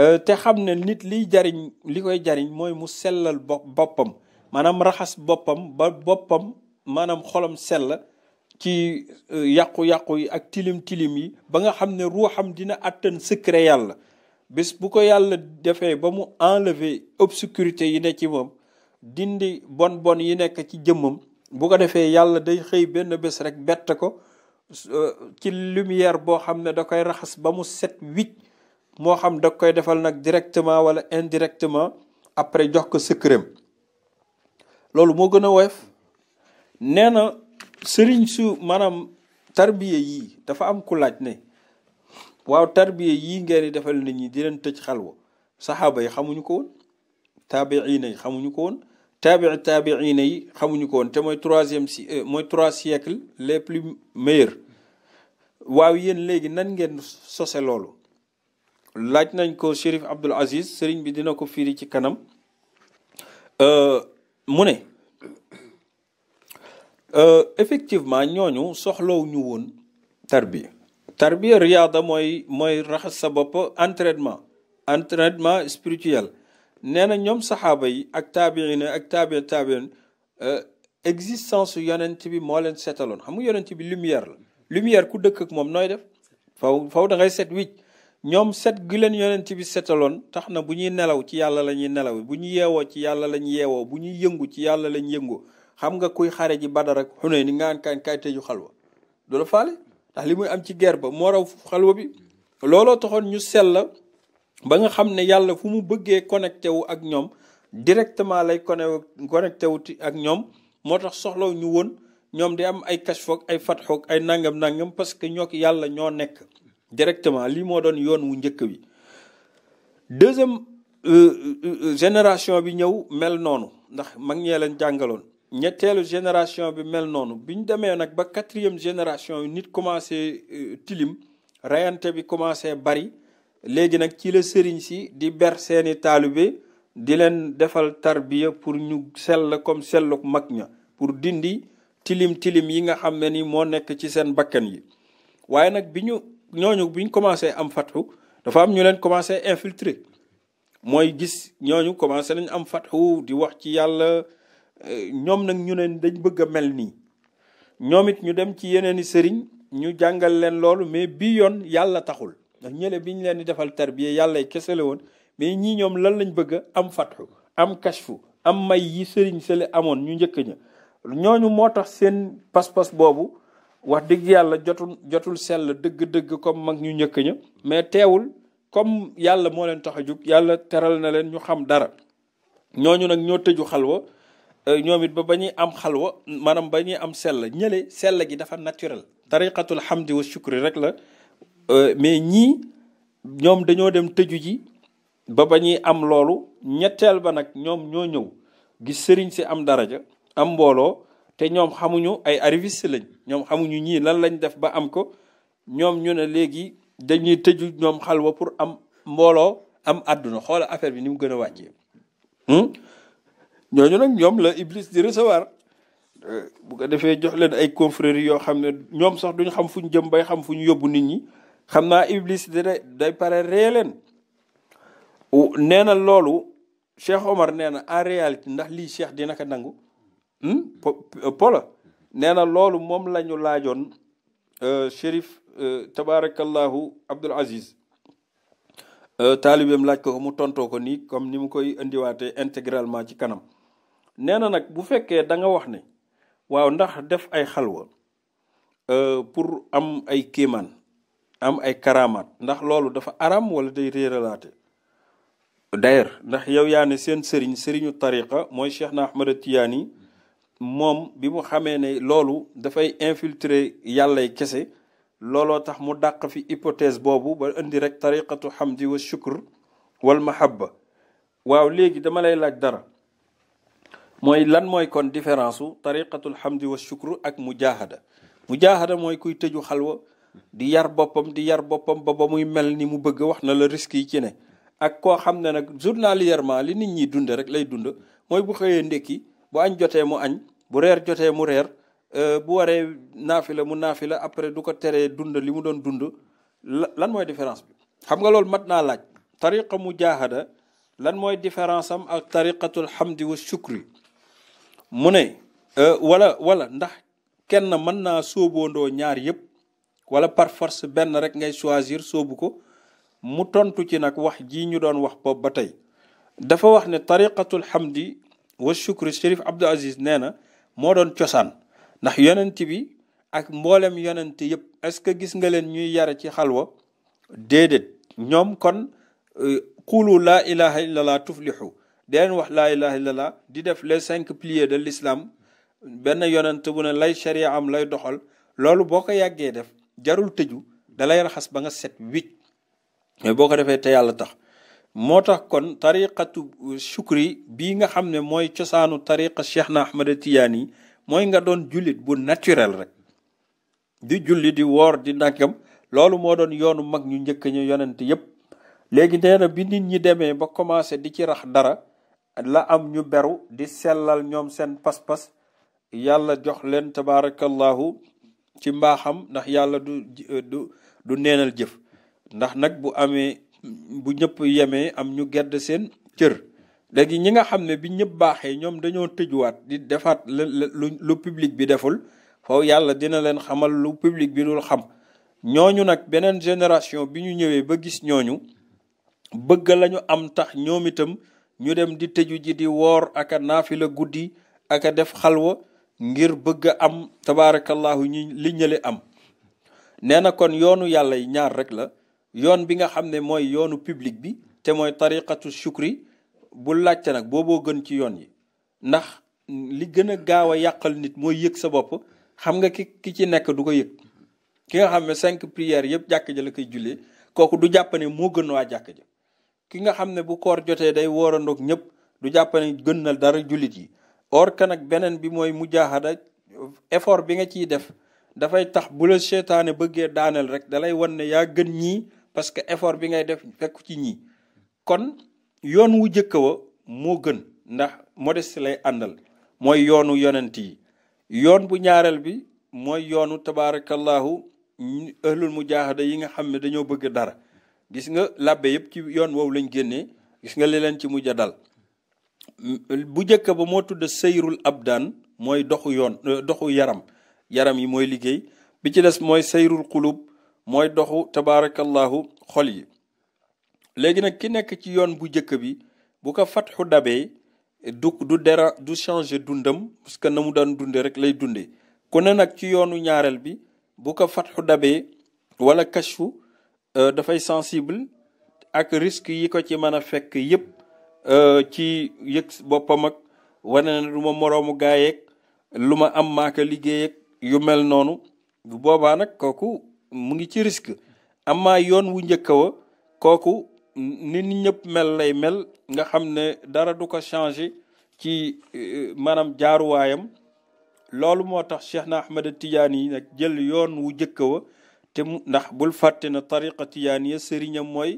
Speaker 1: euh, te xam ne nit liy jariñ li koy jariñ mooy mu sellal boppam maanaam raxas boppam ba boppam maanaam xolam sell ci euh, yàqu-yàqu yi ak tilim-tilim yi ba nga xam ne ruuxam dina attan secret yàlla bis bu ko yàlla defee ba mu enlever obscurité yi ne ci moom dindi bon bon yi nekk ci jëmmam bu ko defee yàlla day xëy benn bés rek bett ko Euh, ci lumière boo xam ne da koy raxas ba mu set wicc moo xam da koy defal nag directement wala indirectement après jox ko sëkkëram loolu moo gën a woyof nee na sëriñ su maanaam tarbiya yii dafa am ku laaj ne waaw tarbiya yii ngeen defal nit ñi di leen tëj xel xalwa saxaaba yi xamuñu ko woon taabiina yi xamuñu ko woon taabii taabiina yi xamuñu ko woon te mooy troisième si euh, mooy trois siècles les plus meilleurs waaw yéen léegi nan ngeen sose loolu laaj nañ ko Chérif Abdoul Aziz sëriñ bi dina ko firi ci kanam euh, mu ne euh, effectivement ñooñu soxlaw ñu woon tarbiya tarbiya riyaada mooy mooy raxas sa bopp entraînement entraînement spirituel nee na ñoom saxaaba yi ak taabiina ak taabi taabiin euh, existence yonent bi moo leen setaloon xam nga yonent bi lumière la lumière ku dëkk ak moom nooy def faw faw dangay ngay set wicc ñoom set gi leen yonent bi setaloon tax na bu ñuy nelaw ci yàlla la ñuy nelaw bu ñu yeewoo ci yàlla lañ yeewoo bu ñuy yëngu ci yàlla lañ yëngoo xam nga kuy xare ji badar ak xunay ni ngaan kaan kaay tëju xalwa du la faale ndax li muy am ci guerre ba moo raw xalwa bi looloo taxoon ñu sell ba nga xam ne yàlla fu mu bëggee connecté wu ak ñoom directement lay connecté wu ak ñoom moo tax soxlaw ñu woon ñoom di am ay kashfoog ay fatxoog ay nangam nangam parce que ñoo yàlla ñoo nekk directement lii moo doon yoon wu njëkk bi deuxième euh, euh, euh, génération bi ñëw mel noonu ndax mag ñee leen jàngaloon ñetteelu génération bi mel noonu bi ñu demee nag ba quatrième génération nit commencé tilim rayante bi commencé bari léegi nag ci la sëriñ si di ber seeni taalibe di leen defal tarbiya pour ñu sell comme sellu mag ña pour dindi tilim tilim yi nga xam ne ni moo nekk ci seen bakkan yi waaye nag bi ñu ñooñu bi ñu commencé am fatxu dafa am ñu leen commencé infiltrer mooy gis ñooñu commencé nañ am fatxu di wax ci yàlla eh, ñoom nag ñu ne dañ bëgg a mel nii ñoom it ñu dem ci yeneen i sëriñ ñu jàngal leen loolu mais bii yoon yàlla taxul ndax ñële bi ñu leen di defal tarbiya yàlla kese la woon mais ñii ñoom lan lañ bëgg am fatxu am kashfu am may yi sëriñ sële amoon ñu njëkk ña ñooñu moo tax seen pas boobu wax dëgg yàlla jotul jotul sell dëgg-dëgg comme mag ñu njëkk ña mais teewul comme yàlla moo leen tax jug yàlla teral na leen ñu xam dara ñooñu nag ñoo tëju xalwa euh, ñoom it ba ba ñuy am xalwa maanaam ba ñuy am sell ñële sell gi dafa naturel tariqatul hamdi wa shukri rek la Euh, mais ñii ñoom dañoo dem tëju ji ba ba ñuy am loolu ñetteel ba nag ñoom ñoo ñëw gis sëriñ si am daraja am mbooloo te ñoom xamuñu ay arriviste lañ ñoom xamuñu ñii lan lañ def ba am ko ñoom ñu ne léegi dañuy tëju ñoom xalwa pour am mbooloo am adduna xoola affaire bi ni mu gën a wàccee hmm? ñooñu nag ñoom la Iblis di recevoir euh, bu ko defee jox leen ay confréries yoo xam ne ñoom sax duñ xam fu ñu jëm bay xam fu ñu yóbbu nit ñi xam naa iblis dina day pare ree leen nee na loolu Cheikh Omar nee na en ndax lii Cheikh dina ko nangu hmm? euh, pola nee na loolu moom lañu ñu laajoon euh, Chérif euh, tabarakallahu Abdul Aziz taalibeem laaj ko mu tontoo ko nii comme ni mu koy indiwaatee intégralement ci kanam nee na nag bu fekkee danga nga wax ne waaw ndax def ay xalwa pour am ay kéemaan am ay karamaat ndax loolu dafa aram wala day réeralaate d'ailleurs ndax yow yaa ne seen sëriñ sëriñu tariqa mooy Cheikh na Ahmada Tiyaani moom bi mu xamee ne loolu dafay infiltrer yàllay kese looloo tax mu dàq fi hypothèse boobu ba indi rek tariqatu hamdi wa shukr wal mahabba waaw léegi dama lay laaj dara mooy lan mooy kon différence u tariqatul hamdi wa shukr ak mujahada mujahada mooy kuy tëju xalwa di yar boppam di yar boppam ba ba muy mel ni mu bëgg wax na la risque yi ci ne ak koo xam ne nag journalièrement li nit ñi dunde rek lay dund mooy bu xëyee ndekki bu añ jotee mu añ bu reer jotee mu reer euh, bu waree naafila mu naafila après du ko teree dund li mu doon dund lan mooy différence bi xam nga loolu mat naa laaj tariqa mujaahada lan mooy différence am ak xam hamdi wa shukri mu ne euh, wala wala ndax kenn mën naa sóoboondoo ñaar yëpp wala par force benn rek ngay choisir soobu ko mu tontu ci nag wax ji ñu doon wax boobu ba tey dafa wax ne tariqatul hamdi wa shukri Chérif Abdou Aziz nee na moo doon cosaan ndax yonent bi ak mboolem yonent yëpp est-ce que gis nga leen ñuy yare ci xalwa déedéet ñoom kon euh, qulu laa ilaha illallah tuflihu di leen wax laa ilaha di def le cinq piliers de l'islam benn yonent bu ne lay sharia am lay doxal loolu boo ko yàggee def jarul tëju dalay raxas ba nga set wicc mais boo ko defee te yàlla tax moo tax kon tariqatu shukri bii nga xam ne mooy cosaanu tariqa cheikh na ahmada tijaan yi mooy nga doon jullit bu naturel rek di jullit di woor di nàkkam loolu moo doon yoonu mag ñu njëkk ñu yonent yépp léegi nee na bi nit ñi demee ba commencé di ci rax dara la am ñu beru di sellal ñoom seen pas-pas yàlla jox leen tabaarakallahu ci mbaaxam ndax yàlla du euh, du du neenal jëf ndax nag bu amee bu ñëpp yemee am ñu gedd seen cër léegi ñi nga xam ne bi ñëpp baaxee ñoom dañoo tëjuwaat di defaat lu lu public bi deful foofu yàlla dina leen xamal lu public bi dul xam ñooñu nag beneen génération bi ñu ñëwee ba gis ñooñu bëgg lañu am tax ñoom itam ñu dem di tëju ji di woor aka la guddi aka def xalwa ngir bëgg a am tabaarakallahu ñi li ñële am nee na kon yoonu yàlla yi ñaar rek la yoon bi nga xam ne mooy yoonu public bi te mooy tariqatu shukri bu laajte nag booboo gën ci yoon yi ndax li gën a gaaw a yàqal nit mooy yëg sa bopp xam nga ki ki ci nekk du ko yëg ki nga xam ne cinq prières yëpp jàkk ja la koy jullee kooku du jàpp ne moo gën waa jàkk ja ki nga xam ne bu koor jotee day wóorandoog ñëpp du jàpp ne gën na dara jullit yi or que nag beneen bi mooy mujahada effort bi nga ciy def dafay tax bu la seetaane bëggee daaneel rek dalay wan ne yaa gën ñii parce que effort bi ngay def fekku ci ñii kon yoon wu jëkk wa moo gën ndax modeste lay àndal mooy yoonu yonent yi yoon bu ñaareel bi mooy yoonu tabaarakallahu ahlul mujaahada yi nga xam ne dañoo bëgg dara gis nga labbe yëpp ci yoon woowu lañ génnee gis nga li leen ci mujj a dal bu njëkk ba moo tudd sayrul abdaan mooy doxu yoon euh, doxu yaram yaram yi mooy liggéey bi ci des mooy sayrul xulub mooy doxu tabaarakallahu xol yi léegi nag ki nekk ci yoon bu njëkk bi bu ko fatxu dabee du du dera du changer dundam parce que na mu daan dundee rek lay dunde ku ne nag ci yoonu ñaareel bi bu ko fatxu dabee wala kashfu euh, dafay sensible ak risque yi ko ci mën a fekk yépp Euh, ci yëg boppam ak wane na lu ma moroomu gaayeeg lu ma am maaka liggéey ak yu mel noonu bu boobaa nag kooku mu ngi ci risque amaa yoon wu njëkk wa kooku nit ñëpp mel lay mel nga xam ne dara du ko changé ci euh, maanaam jaaruwaayam loolu moo tax Cheikh na Ahmada Tidiane yi nag jël yoon wu njëkk te mu ndax bul fàtte na tariqa Tidiane ya sëriñam mooy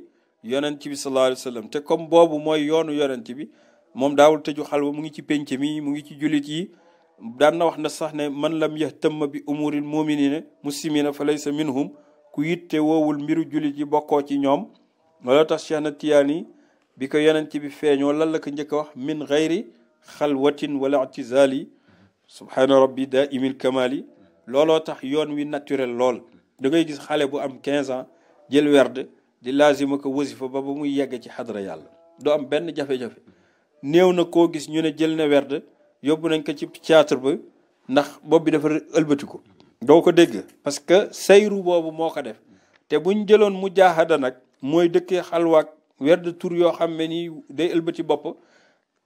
Speaker 1: yonent bi sallallahu alayhi wa te comme boobu mooy yoonu yonent bi moom daawul tëju xalwa mu ngi ci penc mi mu ngi ci jullit yi daan na wax na sax ne man lam yahtamma bi umuril muminina muslimina fa laysa minhum ku yitte woowul mbiru jullit yi bokkoo ci ñoom looloo tax Cheikh na Tiyaani bi ko yonent bi feeñoo lan la njëkk a wax min gayri xalwatin wala atizaali subhaana rabbi daa imil kamali looloo tax yoon wi naturel lool da ngay gis xale bu am 15 ans jël werde di laazima ko wasifa ba ba muy yegg ci xadra yàlla du am benn jafe-jafe néew na koo gis ñu ne jël na werd yóbbu nañ ko ci théâtre ba ndax bopp bi dafa ëlbati ko doo ko dégg parce que sayru boobu moo ko def te buñ jëloon mu jaaxada nag mooy dëkkee xalwaak werd tur yoo xam ne nii day ëlbati bopp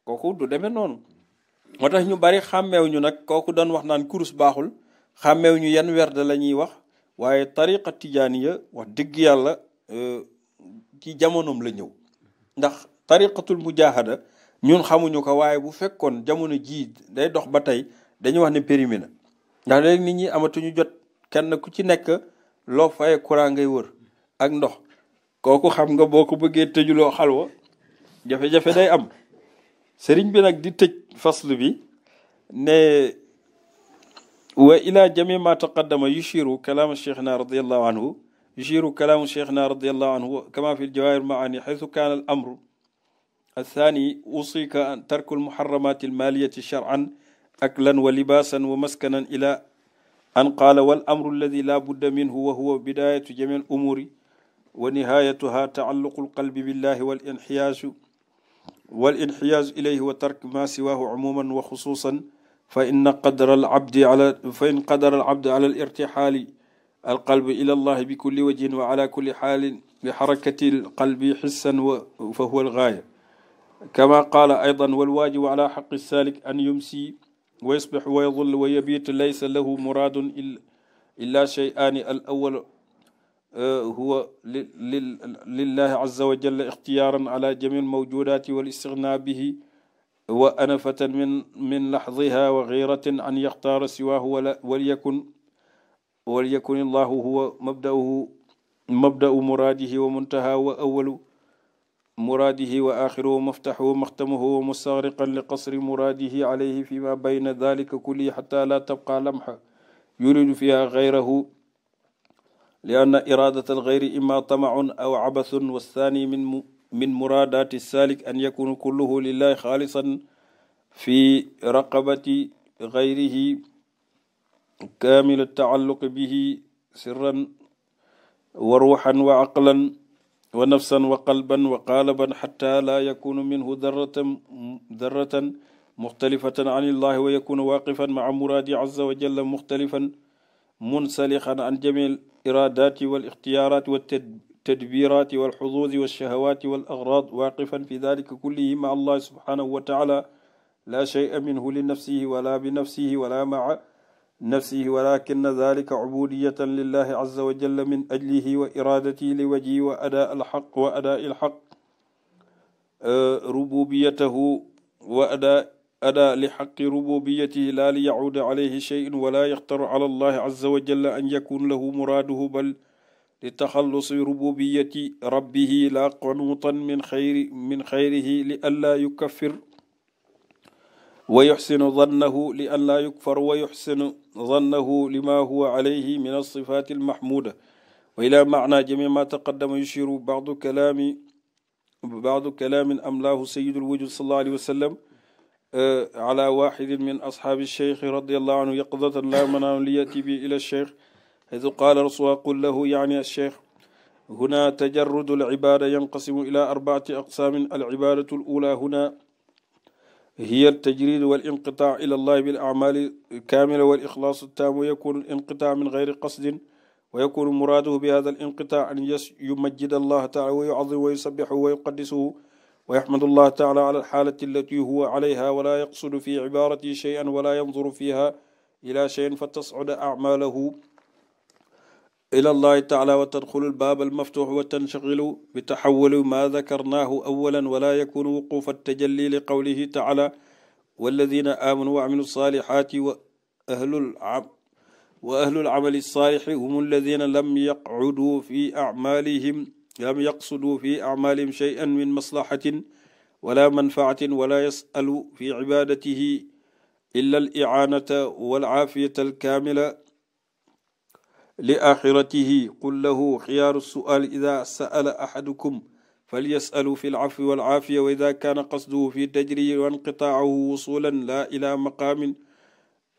Speaker 1: kooku du deme noonu moo tax ñu bari xàmmeew ñu nag kooku doon wax naan kurus baaxul xàmmeew ñu yan werd la ñuy wax waaye tariqa tijaaniya wax dëgg yàlla Euh, ci jamonoom la ñëw ndax tariqatul mujaahada ñun xamuñu ko waaye bu fekkoon jamono jii day dox ba tey dañuy wax ne périmé na ndax léegi nit ñi amatuñu jot kenn ku ci nekk loo faye courant ngay wër ak ndox kooku xam nga boo ko bëggee tëjuloo xalwa jafe-jafe day am sëriñ bi nag di tëj fasl bi ne wa ila jami ma yu yushiru kalaama cheikhna radiallahu anhu يشير كلام شيخنا رضي الله عنه كما في الجواهر معاني حيث كان الأمر الثاني أوصيك أن ترك المحرمات المالية شرعا أكلا ولباسا ومسكنا إلى أن قال والأمر الذي لا بد منه وهو بداية جميع الأمور ونهايتها تعلق القلب بالله والانحياز والانحياز إليه وترك ما سواه عموما وخصوصا فإن قدر العبد على فإن قدر العبد على الارتحال alqalbu ila allah bi kulli wajhin wa ala kulli xaalin bi xarakati alqalbi xissan wa fa huwa algaaya kama qaala aydan walwaajibu ala xaqi saalik an yumsi wa yusbix wa yadul wa yabiit laysa lahu muraadun illa shay'aani al awal huwa lillahi azza wa jalla ixtiyaaran ala jamii almawjudaati walistigna bihi wa anafatan min min laxdiha wa giiratan an yaxtaara siwaahu walyakun wal yakun illahu huwa mabdauhu mabdau muraadihi wa muntaha wa awalu muraadihi wa axiruhu maftaxuhu maxtamuhu wa mustaxriqan li qasri muraadihi alayhi fi ma bayna dalika kulli xata la tabqa lamxa yuridu fiha gayrahu لأن إرادة الغير إما طمع أو عبث والثاني من من مرادات السالك أن يكون كله لله خالصا في رقبة غيره kaamil taalluq bihi sirran wa ruuxan wa aqlan wa nafsan wa qalban wa qaalaban xatta laa yakunu minhu darratan darratan muxtalifatan an illahi wa yakunu waaqifan maa muraadi azza wa jalla muxtalifan munsalixan an jamil iraadaati wal ixtiyaaraati wa tadbiraati wal xuduudi wa shahawaati wal agraad waaqifan fi dalika kullihi maa allahi subhanahu wa taala laa shay'a minhu li nafsihi wala bi nafsihi wala maa nafsihi walakin zalika ubudiyatan lillahi azza wa jalla min ajlihi wa iradatihi li wajhi wa ada alxaq wa ada ilxaq rububiyatahu wa ada ada li xaqi rububiyatihi laa li yacuuda calayhi shay'un wala yaxtaru cala allahi azza wa jalla an yakun lahu muraaduhu bal li taxallusi rububiyati rabbihi laa qanuutan min xayri min xayrihi li allaa yukaffir wa yuxsinu dannahu li an laa yukfar wa yuxsinu dannahu li ma huwa alayhi min alsifaati almahmuda wa ila maana jami ma taqaddama yushiru badu kalaami badu kalaamin amlaahu sayidu lwujud sallallahu alayhi wa sallam ala waxidin min ashaabi alcheikh radiallahu anhu yaqdatan laa manaan li yati bi ila alcheikh xaytu qaala rasulullah qul lahu yaani alcheikh huna tajarrudu alcibaada yanqasimu ila arbaati aqsaamin alcibaadatu alula huna hiya tajrid wal inqitaa ila allah bil amali kamila wal ixlaasu taam wa yakunu al inqitaa min gayri qasdin wa yakunu muraaduhu bi hada al inqitaa an yes yumajjid allah taala wa yucadimu wa yusabixu wa yuqaddisuhu wa yaxmadu allah taala ala alxaalati allati huwa alayha wala yaqsudu fi cibaaratihi shay'an wala yanzuru fiha ila shay'in fa tascuda acmaalahu ila allahi taala wa tadxulu lbaaba almaftux wa tanshaxilu bi taxawuli ma dakarnaahu awalan wala yakunu wuqufa tajalli li qawlihi taala walladina aamanu wa amilu salihaati wa ahlul wa ahlul amali saalixi hum alladina lam yaqcuduu fi acmaalihim lam yaqsuduu fi acmaalihim cheyan min maslaxatin wala manfaatin wala yasalu fi cibaadatihi illa alicaanata walcaafiyata alkaamila li axiratihi qul lahu xiyaaru sual ida saala axadukum falyasalu fi lcafwi walcaafiya wa ida kaana qasduhu fi tajriyi wa inqitaacahu wusulan laa ila maqaamin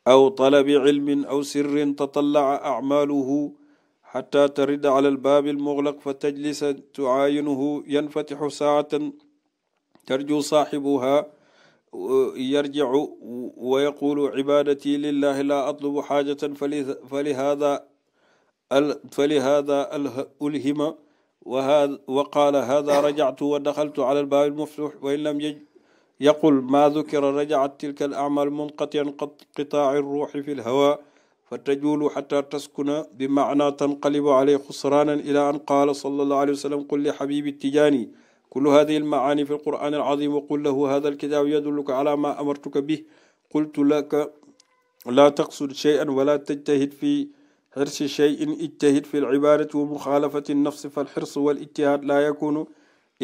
Speaker 1: aw talabi cilmin aw sirrin tatalaca acmaaluhu xata tarida ala albaabi almuglaq fa tajlisa tucaayinuhu yanfatixu saacatan tarju saaxibuha yarjicu wa yaqulu cibaadatii lillahi laa atlubu xaajatan falihada فلهذا ألهم وقال هذا رجعت ودخلت على الباب المفتوح وإن لم يقل ما ذكر رجعت تلك الأعمال منقطعا قطاع الروح في الهواء فتجول حتى تسكن بمعنى تنقلب عليه خسرانا إلى أن قال صلى الله عليه وسلم قل لحبيب التجاني كل هذه المعاني في القرآن العظيم وقل له هذا الكتاب يدلك على ما أمرتك به قلت لك لا تقصد شيئا ولا تجتهد في xirsi cheyin ijtahid fi lcibadati wa muxaalafati nafsi falxirsu walijtihaad laa yakunu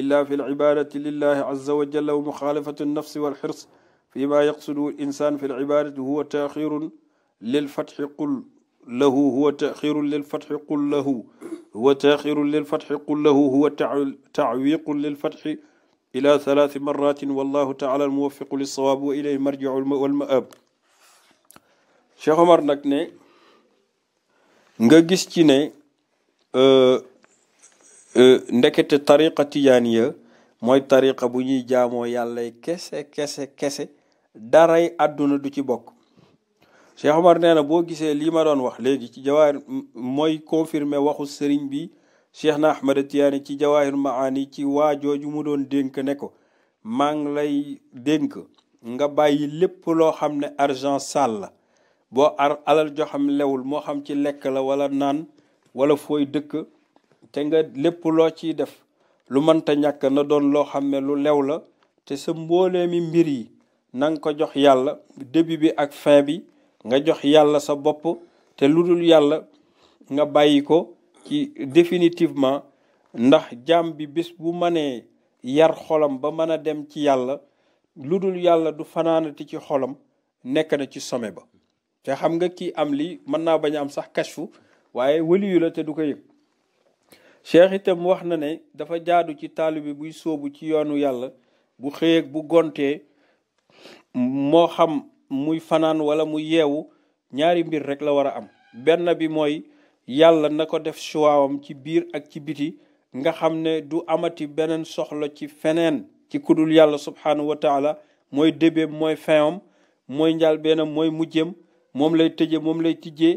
Speaker 1: illa fi lcibadati lillahi aza wajalla wa muxaalafati nafsi walxirs fi ma yaqsudu linsan fi lcibadati huwa taxirun lilfatxi qul lahu huwa taxirun lilfatxi qul lahu huwa taxirun lilfatxi qul lahu huwa tacwiqun lilfatxi ila thalathi maratin wallahu taala almuwafiqu lilsawaab wa ilayhi marjicu walmaab Cheikh Omar nag ne nga gis ci ne euh, euh, ndekete tariqa tijaaniya mooy tariqa bu ñuy jaamoo yàlla kese kese kese daray àdduna du ci bokk Cheikh Omar na boo gisee lii ma doon wax léegi ci jawaahir mooy confirmer waxu sëriñ bi Cheikh na Ahmada Tijaani ci jawaahir maani ci waa jooju mu doon dénk ne ko maa lay dénk nga bàyyi lépp loo xam ne argent sale la boo ar alal joo lewul moo xam ci lekk la wala naan wala fooy dëkk te nga lépp loo ciy def lu mënta ñàkk na doon loo xam ne lu lew la te sa mboolee mi mbir yi nanga ko jox yàlla début bi ak fin bi nga jox yàlla sa bopp te lu dul yàlla nga bàyyi ko ci definitivement ndax jaam bi bis bu mënee yar xolam ba mën a dem ci yàlla lu dul yàlla du fanaanati ci xolam nekk na ci sommet ba te xam nga ki am lii mën naa bañ a am sax kashfu waaye waliyu te du ko yëg cheikh itam wax na ne dafa jaadu ci taalibe buy soobu ci yoonu yàlla bu xëyeeg bu gontee moo xam muy fanaan wala mu yeewu ñaari mbir rek la war a am benn bi mooy yàlla na ko def suwaawam ci biir ak ci biti nga xam ne du amati beneen soxla ci feneen ci dul yàlla subhaanahu wa taala mooy débeem mooy feewam mooy njàlbeenam mooy mujjëm moom lay tëje moom lay tijjee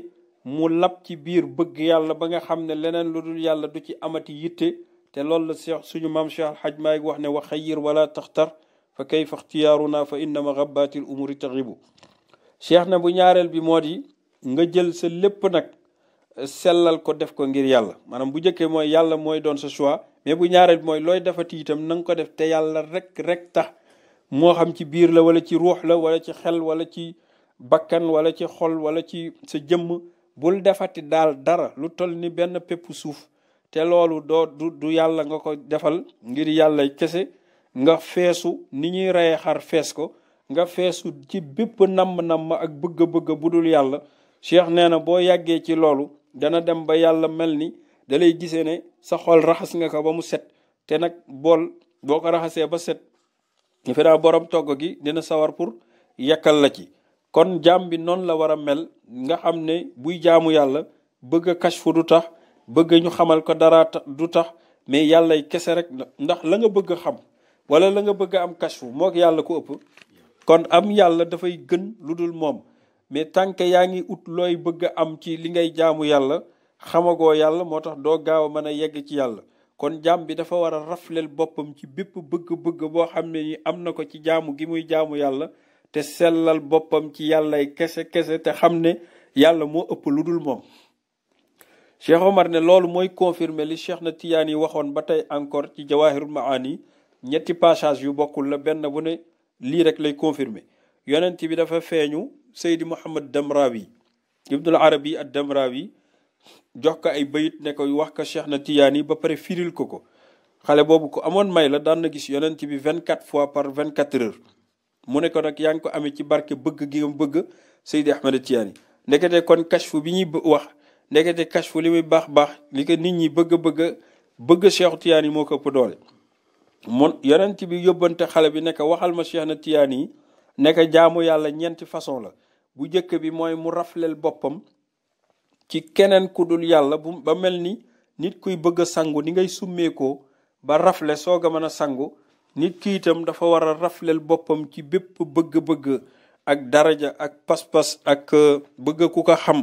Speaker 1: mu lab ci biir bëgg yàlla ba nga xam ne leneen lu dul yàlla du ci amati yitte te loolu la seex suñu maam xaj maa Maalik wax ne wa xayir wala taxtar fa kayfa ixtiyaaruna fa innama rabatil umuri taxibu cheikh na bu ñaareel bi moo di nga jël sa lépp nag sellal ko def ko ngir yàlla maanaam bu njëkkee mooy yàlla doon sa choix mais bu ñaareel bi mooy looy defati itam na nga ko def te yàlla rek rek tax moo xam ci biir la wala ci ruux la wala ci xel wala ci bakkan wala ci xol wala ci sa jëmm bul defati daal dara lu toll ni benn pepp suuf te loolu doo du yàlla nga ko defal ngir yàlla kese nga feesu ni ñuy reye xar fees ko nga feesu ci bépp namm-namm ak bëgg-bëgg bu dul yàlla cheikh nee na boo yàggee ci loolu dana dem ba yàlla mel ni da lay gisee ne sa xol raxas nga ko ba mu set te nag bool boo ko raxasee ba set ñu fi daa borom togg gi dina sawar pour yekkal la ci kon jaam bi noonu la war a mel nga xam ne buy jaamu yàlla bëgg a kashfu du tax bëgg ñu xamal ko dara du tax mais yàllay kese rek ndax la nga bëgg xam wala la nga bëgg a am kashfu mook yàlla ko ëpp kon am yàlla dafay gën lu dul moom mais tànk yaa ngi ut looy bëgg am ci li ngay jaamu yàlla xamagoo yàlla moo tax doo gaaw a mën a yegg ci yàlla kon jaam bi dafa war a rafleel boppam ci bépp bëgg-bëgg boo xam ne ni am na ko ci jaamu gi muy jaamu yàlla te sellal boppam ci yàllay kese kese te xam ne yàlla moo ëpp lu dul moom Cheikh Omar ne loolu mooy confirmer li Cheikh na Tijaan yi waxoon ba tey encore ci Jawahirul Maani ñetti passage yu bokkul la benn bu lii rek lay confirmer yonent bi dafa feeñu Seydi Mouhamad Damrawi Ibnul Arabi ak yi jox ko ay bayit ne ko wax ko Cheikh na Tijaan yi ba pare firil ko ko xale boobu ko amoon may la daan na gis yonent bi vingt quatre fois par vingt quatre mu ne ko nag yaa ngi ko amee ci barke bëgg gi mu bëgg Seydi Ahmed Tidiane ndekete kon kashfu bi ñuy wax ndekete kashfu li muy baax baax li ko nit ñi bëgg bëgg bëgg Cheikh Tidiane yi moo ko ëpp doole. mun yonent bi yóbbante xale bi ne waxal ma Cheikh na Tidiane yi ne jaamu yàlla ñeenti façon la bu njëkk bi mooy mu rafleel boppam ci keneen ku dul yàlla bu ba mel ni nit kuy bëgg a sangu ni ngay summeekoo ba rafle soog a mën a sangu. nit ki itam dafa war a rafleel boppam ci bépp bëgg-bëgg ak daraja ak pas-pas ak euh, bëgg ku ko xam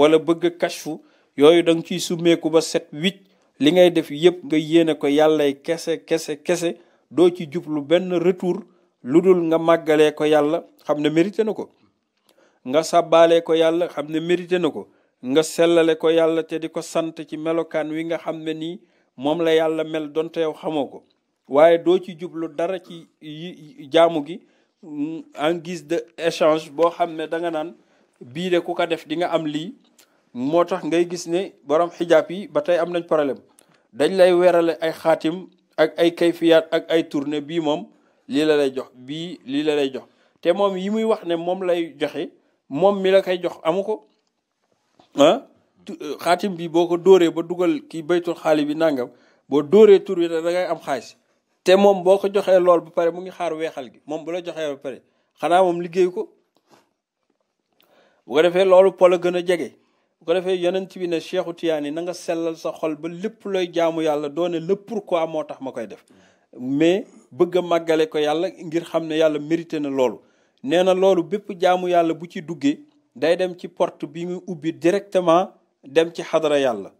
Speaker 1: wala bëgg kashfu yooyu da nga ciy summeeku ba set wicc li ngay def yëpp nga yéene ko yàllay kese kese kese doo ci jublu benn retour lu dul nga màggalee ko yàlla xam ne mérité na ko nga sàbbaalee ko yàlla xam ne mérité na ko nga sellale ko yàlla te di ko sant ci melokaan wi nga xam ne nii moom la yàlla mel donte yow xamoo ko waaye doo ci jublu dara ci jaamu gi mm, en guise de échange boo xam ne da nga naan bii de ku ko def di nga am lii moo tax ngay gis ne borom xijaab yi ba tey am nañ problème dañ lay weerale ay xaatim ak ay kayfiyaat ak ay tournée bii moom lii la lay jox bii lii la lay jox te moom yi muy wax ne moom lay joxe moom mi la kay jox amu ko ah xaatim bi boo ko dooree ba dugal kii baytu xaali bi nangam boo dooree tur bi da ngay am xaalis te moom boo ko joxee lool ba pare mu ngi xaar weexal gi moom bu la joxee ba pare xanaa moom liggéey ko bu ko defee loolu po la gën a jege bu ko defee yonent bi ne Cheikhu Tiyaani na nga sellal sa xol ba lépp looy jaamu yàlla doone le pourquoi moo tax ma koy def mais bëgg a màggale ko yàlla ngir xam ne yàlla mérité na loolu nee na loolu bépp jaamu yàlla bu ci duggee day dem ci porte bi muy ubbi directement dem ci xadara yàlla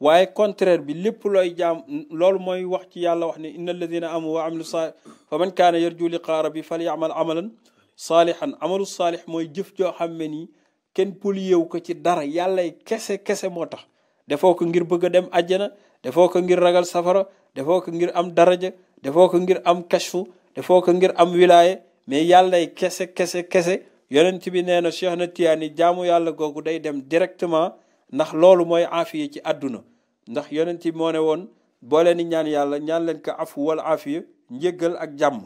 Speaker 1: waaye contraire bi lépp looy jaam loolu mooy wax ci yàlla wax ne inna alladina amanu wa amilu saalih fa man kaana yarju liqaa rabbi falyamal amalan saalihan amalu saalih mooy jëf joo xam ne nii kenn poliyewu ko ci dara yàllay kese kese moo tax defoo ko ngir bëgg a dem àjjana defoo ko ngir ragal safara defoo ko ngir am daraja defoo ko ngir am kashfu defoo ko ngir am wilaaye mais yàllay kese kese kese yonent bi nee na Cheikh na Tiyaani jaamu yàlla googu day dem directement ndax loolu mooy aafiya ci àdduna ndax yeneen ci moo ne woon boo leen di ñaan yàlla ñaan leen ko afu wala aafiya njëggal ak jàmm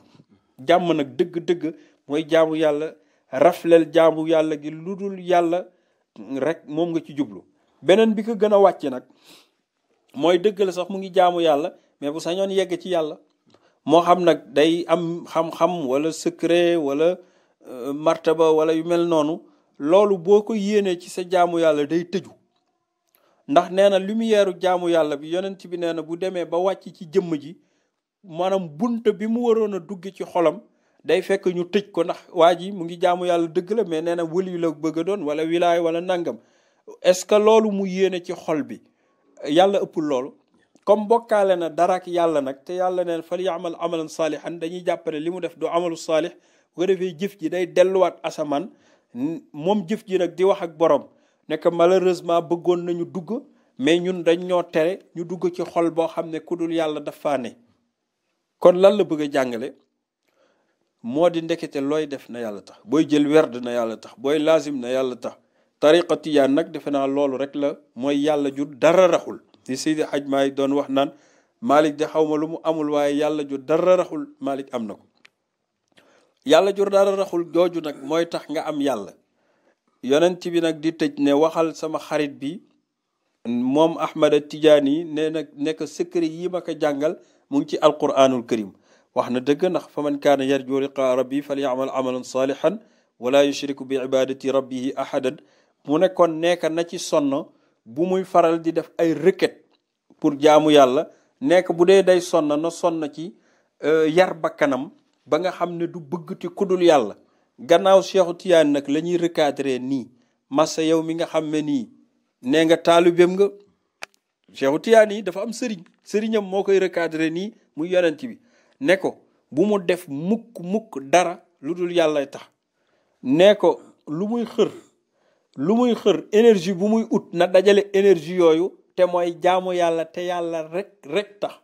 Speaker 1: jàmm nag dëgg-dëgg mooy jaamu yàlla rafleel jaamu yàlla gi lu dul yàlla rek moom nga ci jublu beneen bi ko gën a wàcc nag mooy dëgg la mu ngi jaamu yàlla mais bu sañoon yegg ci yàlla moo xam nag day am xam-xam wala secret wala euh, martaba wala yu mel noonu loolu boo ko yéenee ci sa jaamu yàlla day tëju ndax nee na lumière jaamu yàlla bi yonent bi nee na bu demee ba wàcc ci jëmm ji maanaam bunt bi mu waroon a dugg ci xolam day fekk ñu tëj ko ndax waa ji mu ngi jaamu yàlla dëgg la mais nee na wëli la bëgg doon wala wilaay wala nangam est-ce que loolu mu yéene ci xol bi yàlla ëppul loolu comme mbokkaale na dara ak yàlla nag te yàlla neen fa yaamal amalan saalihan dañuy jàppale li mu def du amalu saalix bu ko defee jëf ji day delluwaat asamaan moom jëf ji nag di wax ak borom ne que malheureusement bëggoon nañu dugg mais ñun dañ ñoo tere ñu dugg ci xol boo xam ne ku dul yàlla dafa ne kon lan la bëgg a jàngale moo di ndekkete looy def na yàlla tax booy jël werd na yàlla tax booy laazim na yàlla tax tariqa tijaan nag defe naa loolu rek la mooy yàlla ju dara raxul di Seydi Haj Maalik doon wax naan Malick de xaw ma lu mu amul waaye yàlla ju dara raxul Malick am na ko yàlla ju dara raxul jooju nag mooy tax nga am yàlla yonent bi nag di tëj ne waxal sama xarit bi moom Ahmada Tijaani ne nag nekk secret yi ma jàngal mu ngi ci alquranul karim wax na dëgg ndax fa man kaana yarju liqaa rabbi falyamal amalan saalihan wala yushriku bi ibadati rabbihi ahadan mu ne kon nekk na ci sonn bu muy faral di def ay requête pour jaamu yàlla nekk bu dee day sonn na sonn ci euh, yar bakkanam ba nga xam ne du bëggati kudul yàlla gannaaw Cheikhu Tijaan nag la ñuy recadrer nii massa yow mi nga xam ne nii nee nga bem nga Cheikhu Tijaan yi dafa am sëriñ sëriñam moo koy recadrer nii muy yonent bi ne ko bu mu def mukk mukk dara lu dul yàlla tax nee ko lu muy xër lu muy xër énergie bu muy ut na dajale énergie yooyu te mooy jaamo yàlla te yàlla rek rek tax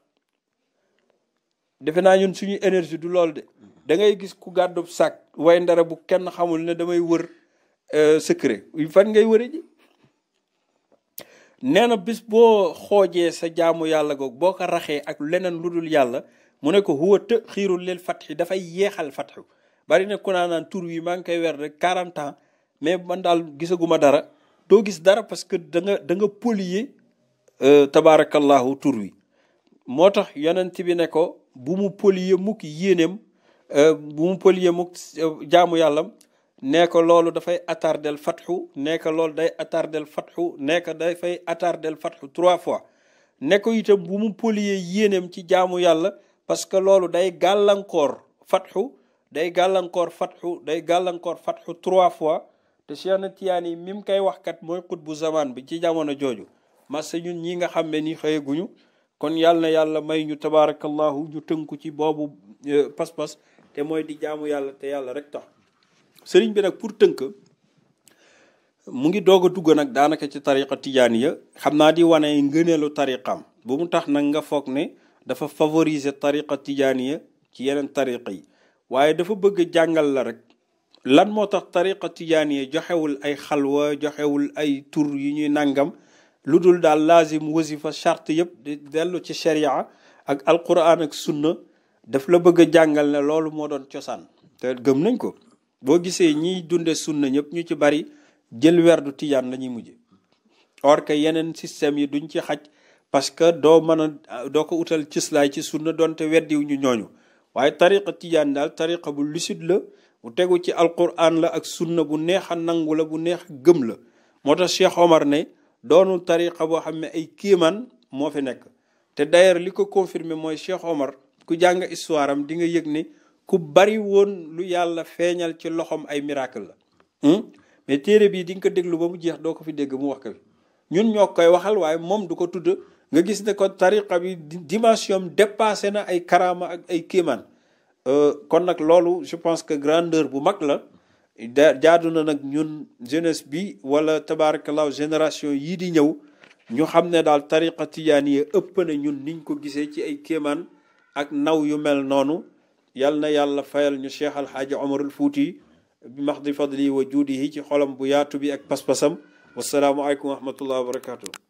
Speaker 1: defe naa ñun suñu énergie du lool de da ngay gis ku gàddu sàkk way ndara bu kenn xamul ne damay wër euh, secret fan ngay wëre ji nee na bis boo xoojee sa jaamu yàlla googu boo ko raxee ak leneen lu dul yàlla mu ne ko huwa të xiirul lil fatxi dafay yeexal fatxu bari ne ku naa tur wi maa ngi koy weer rek quarante mais man daal gisaguma dara doo gis dara parce que da danga da nga polier euh, tabaarakallahu tur wi moo tax yonent bi ne ko bu mu polier mukk yéeneem Euh, bu mu pëlie muk jaamu yàllam nee ko loolu dafay attardel fatxu nee ko loolu day attardel fatxu nekk ko dafay attardel fatxu trois fois ne ko bu mu pëlie yéeneem ci jaamu yàlla parce que loolu day gàllankoor fatxu day gàllankoor fatxu day gàllankoor fatxu trois fois te Cheikh na Tiyaani yi mi mu wax kat mooy xut bu zamaan bi ci jamono jooju mas ñun ñi nga xam ne ni xëyaguñu kon yàlla yàlla may ñu tabaarakallahu ñu tënku ci boobu euh, pas-pas te mooy di jaamu yàlla te yàlla rek tax sëriñ bi nag pour tënk mu ngi doog a dugg nag daanaka ci tariqa tijaaniya xam naa di wane ngëneelu tariqam bu mu tax nag nga foog ne dafa favoriser tariqa tijaaniya ci yeneen tariqa yi waaye dafa bëgg jàngal la rek lan moo tax tariqa tijaaniya joxewul ay xalwa joxewul ay tour yu ñuy nangam lu dul daal laazim wasifa charte yëpp di dellu ci sharia ak alquran ak sunna daf la bëgg a jàngal ne loolu moo doon cosaan te gëm nañ ko boo gisee ñiy dunde sunna ñëpp ñu ci bari jël werdu tijaan la ñuy mujje or que yeneen système yi duñ ci xaj parce que doo mën doo ko utal cëslaay ci sunna doonte weddiw ñu ñooñu waaye tariqa tijaan daal tariqa bu lucide la bu tegu ci alquran la ak sunna bu neex a nangu la bu neex gëm la moo tax Cheikh Omar ne doonu tariqa boo xam ne ay kiimaan moo fi nekk te d'ailleurs li ko confirmé mooy Cheikh Omar ku jàng histoire am di nga yëg ni ku bari woon lu yàlla feeñal ci loxoom ay miracle la hmm? mais téere bii di nga ko déglu ba mu jeex doo ko fi dégg mu wax ko ñun ñoo koy waxal waaye moom du ko tudd nga gis ne ko tariqa bi dimension dépassé na ay karaama ak ay kéemaan euh, kon nag loolu je pense que grandeur bu mag la jaadu na nag ñun jeunesse bi wala tabarakallah génération yii di ñëw ñu xam ne daal tariqa tijaani yi ëpp na ñun niñ ko gisee ci ay kéemaan ak naw yu mel noonu yal na yàlla fayal ñu cheikh alxaaji omarul fuuti bi maxdi fadli wa juudihi ci xolam bu yaatu bi ak pas-pasam wasalaamualeykum wa rahmatullah wa barakatu